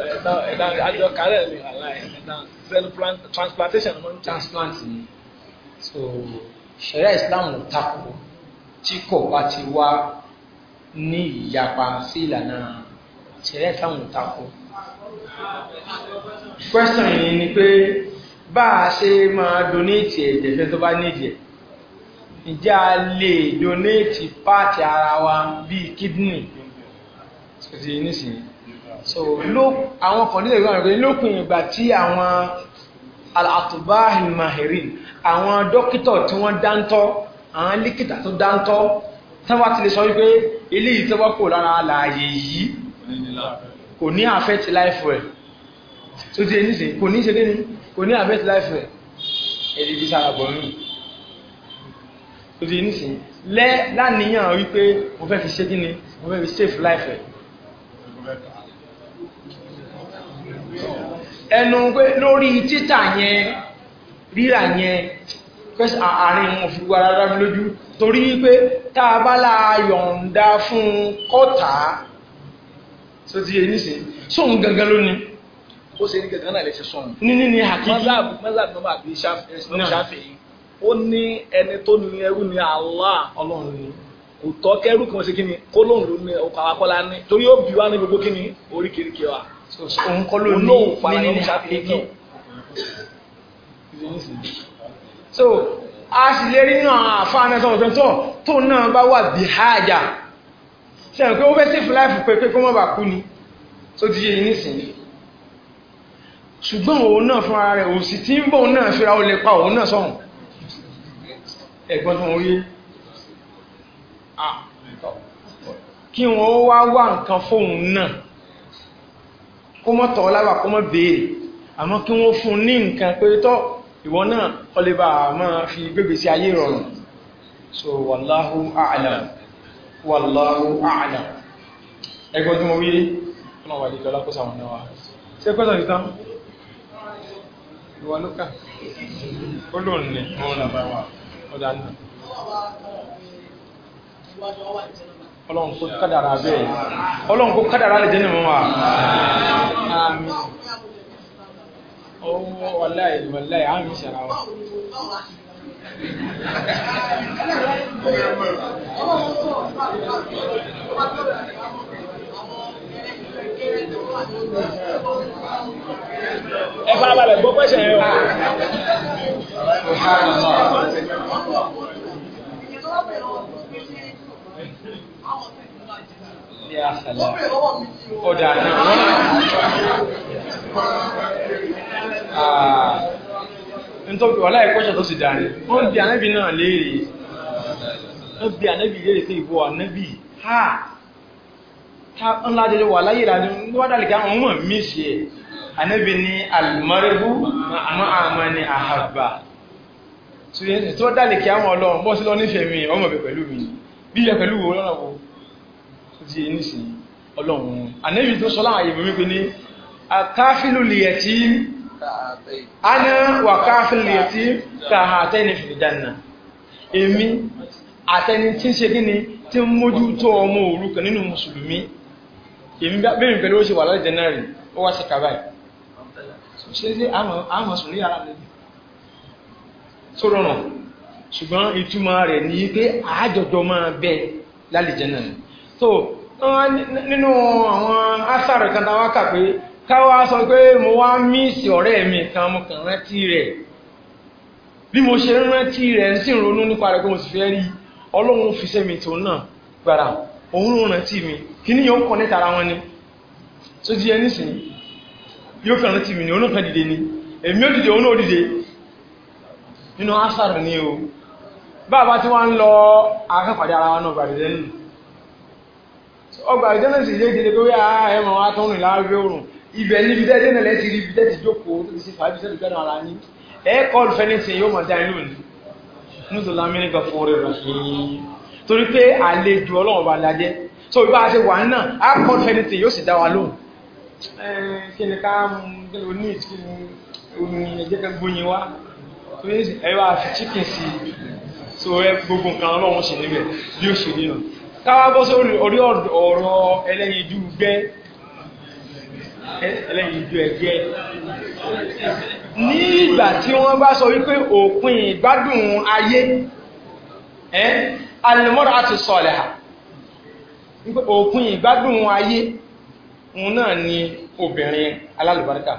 Speaker 1: ẹ̀dá àjọ kárẹ̀ ni àlàyé ẹ̀dá transplantation ló ń transplant ni. so ṣẹ̀ríà Islam ò takò tí kò bá ti
Speaker 4: wá ní ìyapa sí ìlànà ṣẹ̀ríà Islam ò takò.
Speaker 2: question yìí
Speaker 4: ni pé bá a ṣe máa donate ẹ̀jẹ̀ fẹ́ tó bá nídìí ẹ̀ ǹjẹ́ a lè donate páàtì ara wa bíi kidney ti nísìnyí so ló àwọn kọ̀ndíṣẹ̀ ìwé àwọn lókun ìgbà tí àwọn al-atubahil-mahirin àwọn dókítọ̀ tí wọ́n dáńtọ́ àwọn líkìtà tó dáńtọ́ tí wọ́n ti lè sọ wípé ilé yìí tí wọ́n kò lára àlàyé yìí kò ní affect life rẹ̀ tó ti nísìn kò ní ṣe kí ni kò ní affect life rẹ̀ ẹ̀dì bí sára bọ̀ nù tó ti nísìn lẹ́ láníyàn wípé mo fẹ́ fi ṣe kí ni mo fẹ́ fi save life rẹ̀ ẹnu pé lórí títà yẹn rírà yẹn pẹ́sì àárín wọn fi wá rárá lójú torí pé tá a bá la yọ̀ǹda fún kọ́tà tó ti yé nísìn sóhun gangan
Speaker 1: lónìí ó ṣe ní gangan náà lè ṣe sọ̀rọ̀. níní ni hakiki mazab mazab ní ọmọ eh, àbí ṣàfihàn ó ní ẹni tó ní ẹrú ni Allah ọlọ́run ni kò tọ́ kẹ́rù kan ṣe kí ni kó lóun ló ní ọkọ̀ àkọ́lá ní torí ó bí wá ní gbogbo kí ni oríkèéríkèé wa òun kọ́ ló ní nínú àkíkí
Speaker 4: so a sì lè rí náà àfáà náà sọ̀rọ̀ tó tó náà bá wà bí hájà sẹ́yìn pé ó fẹ́ sí fúláìfù pé pé kó mọ́ bà kú ni tó ti yé nísìnyí ṣùgbọ́n òun náà fún ara rẹ̀ òun sì tí ń bọ̀ òun náà fíra ó lè pa òun náà sọ̀hún ẹ̀gbọ́n tó ń rí ah, kí wọ́n wá wá nǹkan fóun náà kó mọ́ tọ́ láwà kó mọ́ béèrè àmọ́ kí wọ́n fún ní nǹkan pé tọ́ ìwọ náà kọlébà máa fi gbégbé sí ayé rọrùn so wallahu a'lam wallahu a'lam ẹgbọ́n tí mo wí ọ̀nà wà nígbà lápọ́sà wọn náà wà ṣe pẹ́sàn ìtàn ìwà lókà ó lò ní ọ̀nà bá wà ọ̀dà náà
Speaker 2: ọlọ́run kó kádàrà bẹ́ẹ̀ ọlọ́run kó kádàrà lè jẹ́nà wọn wà àmì ọwọ́ wàláì wàláì àmì ìṣẹ̀ra wọn ẹ farabalẹ̀ gbọ́ pẹ́sẹ̀ yẹn o. yà sàlẹ̀. ọ̀dà náà wọ́n náà. nítorí wàhálà
Speaker 4: ìkọ́ṣọ̀ tó sì dání wọ́n ń bi ànábì náà léèrè wọ́n bi ànábì léèrè pé ìwọ ànábì ha ta ńlá jẹjẹ wà láyé ìlànà níwádàlì kí àwọn ọmọ mi ṣe ànábì ní àlùmọ́rẹ́bù àmọ́ àmọ́ ní àhàbà tí ó dàlẹ̀ kí àwọn ọlọ́run bọ́ sí lọ nífẹ̀ẹ́ mi ọmọ bẹ̀ pẹ̀lú mi bí yẹ pẹ̀lú wo lọ́nà wo ti yé nísìnyí ọlọ́run ànẹ́bí tó sọ láwọn àyè mímí pé ní káfílù lìyẹ̀tì ana wà káfílù lìyẹ̀tì kàhà àtẹ́ni fìdánà èmi àtẹni tí ń ṣe kí ni tí ń mójú tó ọmọ òrukàn nínú mùsùlùmí èmi bẹ́ẹ̀ pẹ̀lú ó ṣe wà lọ́dẹ̀ náà rí ó wá sí kàbáyì tó rọrùn ṣùgbọ́n ìtumọ̀ rẹ̀ ní pé àájọjọ máa bẹ lálejẹ náà so nínú àwọn asàrò kan táwọn kà pé káwa sọ pé mo wá míìsì ọ̀rẹ́ mi kan mo kàn rántí rẹ̀ bí mo ṣe ń rántí rẹ̀ ń sì ń ronú nípa rẹ̀ pé mo sì fẹ́ rí ọlọ́run fi sẹ́mi tòun náà gbàrà òun ló rántí mi kí ní yóò kọ́ níta ara wọn ni tó di ẹni sìn yóò kàn rántí mi ni òun kan dìde ni èmi ò dìde òun ò dìde nínú asàrò ni o bá a bá ti wá ń lọ akẹ́pàdé ara wọn náà gbàdìdẹ́ nù ọgbà ìjẹ́nẹ̀sì ilé ìdílé pé ẹ̀mọ̀ atọ́rùn láàrin oòrùn ibẹ̀ níbi tẹ́ dẹ́nà lẹ́ti rí ibi tẹ́ti jókòó tó ti ṣe fàájú sẹ́lú gbẹ́nà ara ní ẹ̀ẹ́kọ́ fẹ́nìsì yóò mọ̀ dá inú ní nítorí amẹ́ríkà fún orí rẹ̀ torí pé àlejò ọlọ́run bá lajẹ́ so bí bá a ṣe wà náà ẹ̀ẹ́kọ́ fẹ́nìsì yóò sì dá wa lóhùn kí ni ká ní ìtìkí ẹ̀jẹ̀ kan gbóyin wá ẹ̀rọ àfi chicken sí so gbogbo nǹkan ọlọ́run ṣe níbẹ̀ bí ó ṣe rí náà káwá bọ́ sórí orí ọ̀rọ̀ ẹlẹ́yinjú gbẹ́ ẹlẹ́yinjú ẹgbẹ́ ní ìgbà tí wọ́n bá sọ wípé òpin ìgbádùn ayé alìmọ́ra ti sọ̀lẹ̀ hà òpin ìgbádùn ayé òun náà ni obìnrin alálùbáríkà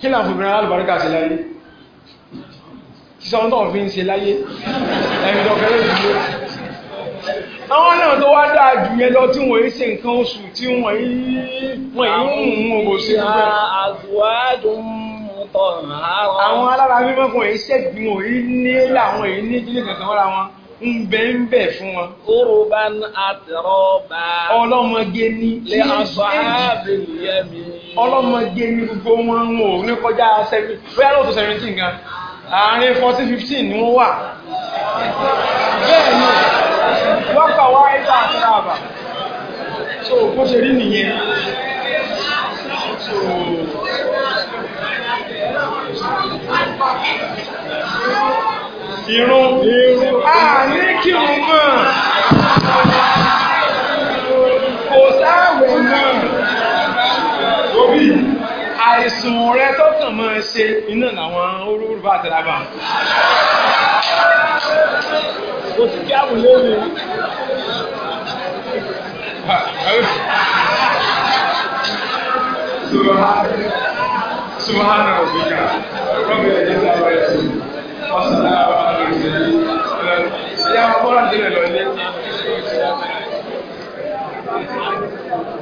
Speaker 4: kí náà fún obìnrin alálùbáríkà sí láyé kí sọ́run tó fi ń ṣe láyé ẹ̀mìdọ̀kẹ́rẹ́
Speaker 2: àwọn náà tó wá dáa
Speaker 4: jù yẹn lọ tí wọ́n yí ṣe nǹkan oṣù tí wọ́n yí wọ́n yí ń mú un kò sí fún bẹ́ẹ̀.
Speaker 3: àzùwádùn mọ̀tọ̀
Speaker 2: àárọ̀. àwọn alára mímọ́
Speaker 4: kan yìí ṣẹ́gun wọn yìí ní làwọn yìí ní kílé kankan wọ́n ra wọn ń bẹ ń bẹ fún wọn. urban atroba. ọlọ́mọge ní. lè aṣọ ààbẹ̀lú yẹmi. ọlọ́mọge ní gbogbo wọn wọn ò ní kọjá sẹ́mi bóyá lóòótọ́ sẹ́mi tí nǹkan àárín 14-15 ni wọ́n wà
Speaker 2: bẹ́ẹ̀ ni lọ́kà wá ẹgbà
Speaker 4: àtàràbà so bó ṣe rí nìyẹn
Speaker 2: so irun irun àní kírun náà kò sáàwẹ̀ náà
Speaker 4: Obi àìsùn rẹ tó kàn máa ṣe iná làwọn orúurú bá tẹ̀lé bá.
Speaker 2: kò sí kí àwọn lóore. سبحان ربك رب العزة عما يصفون وسلام على المرسلين يا أخبار الدين العليا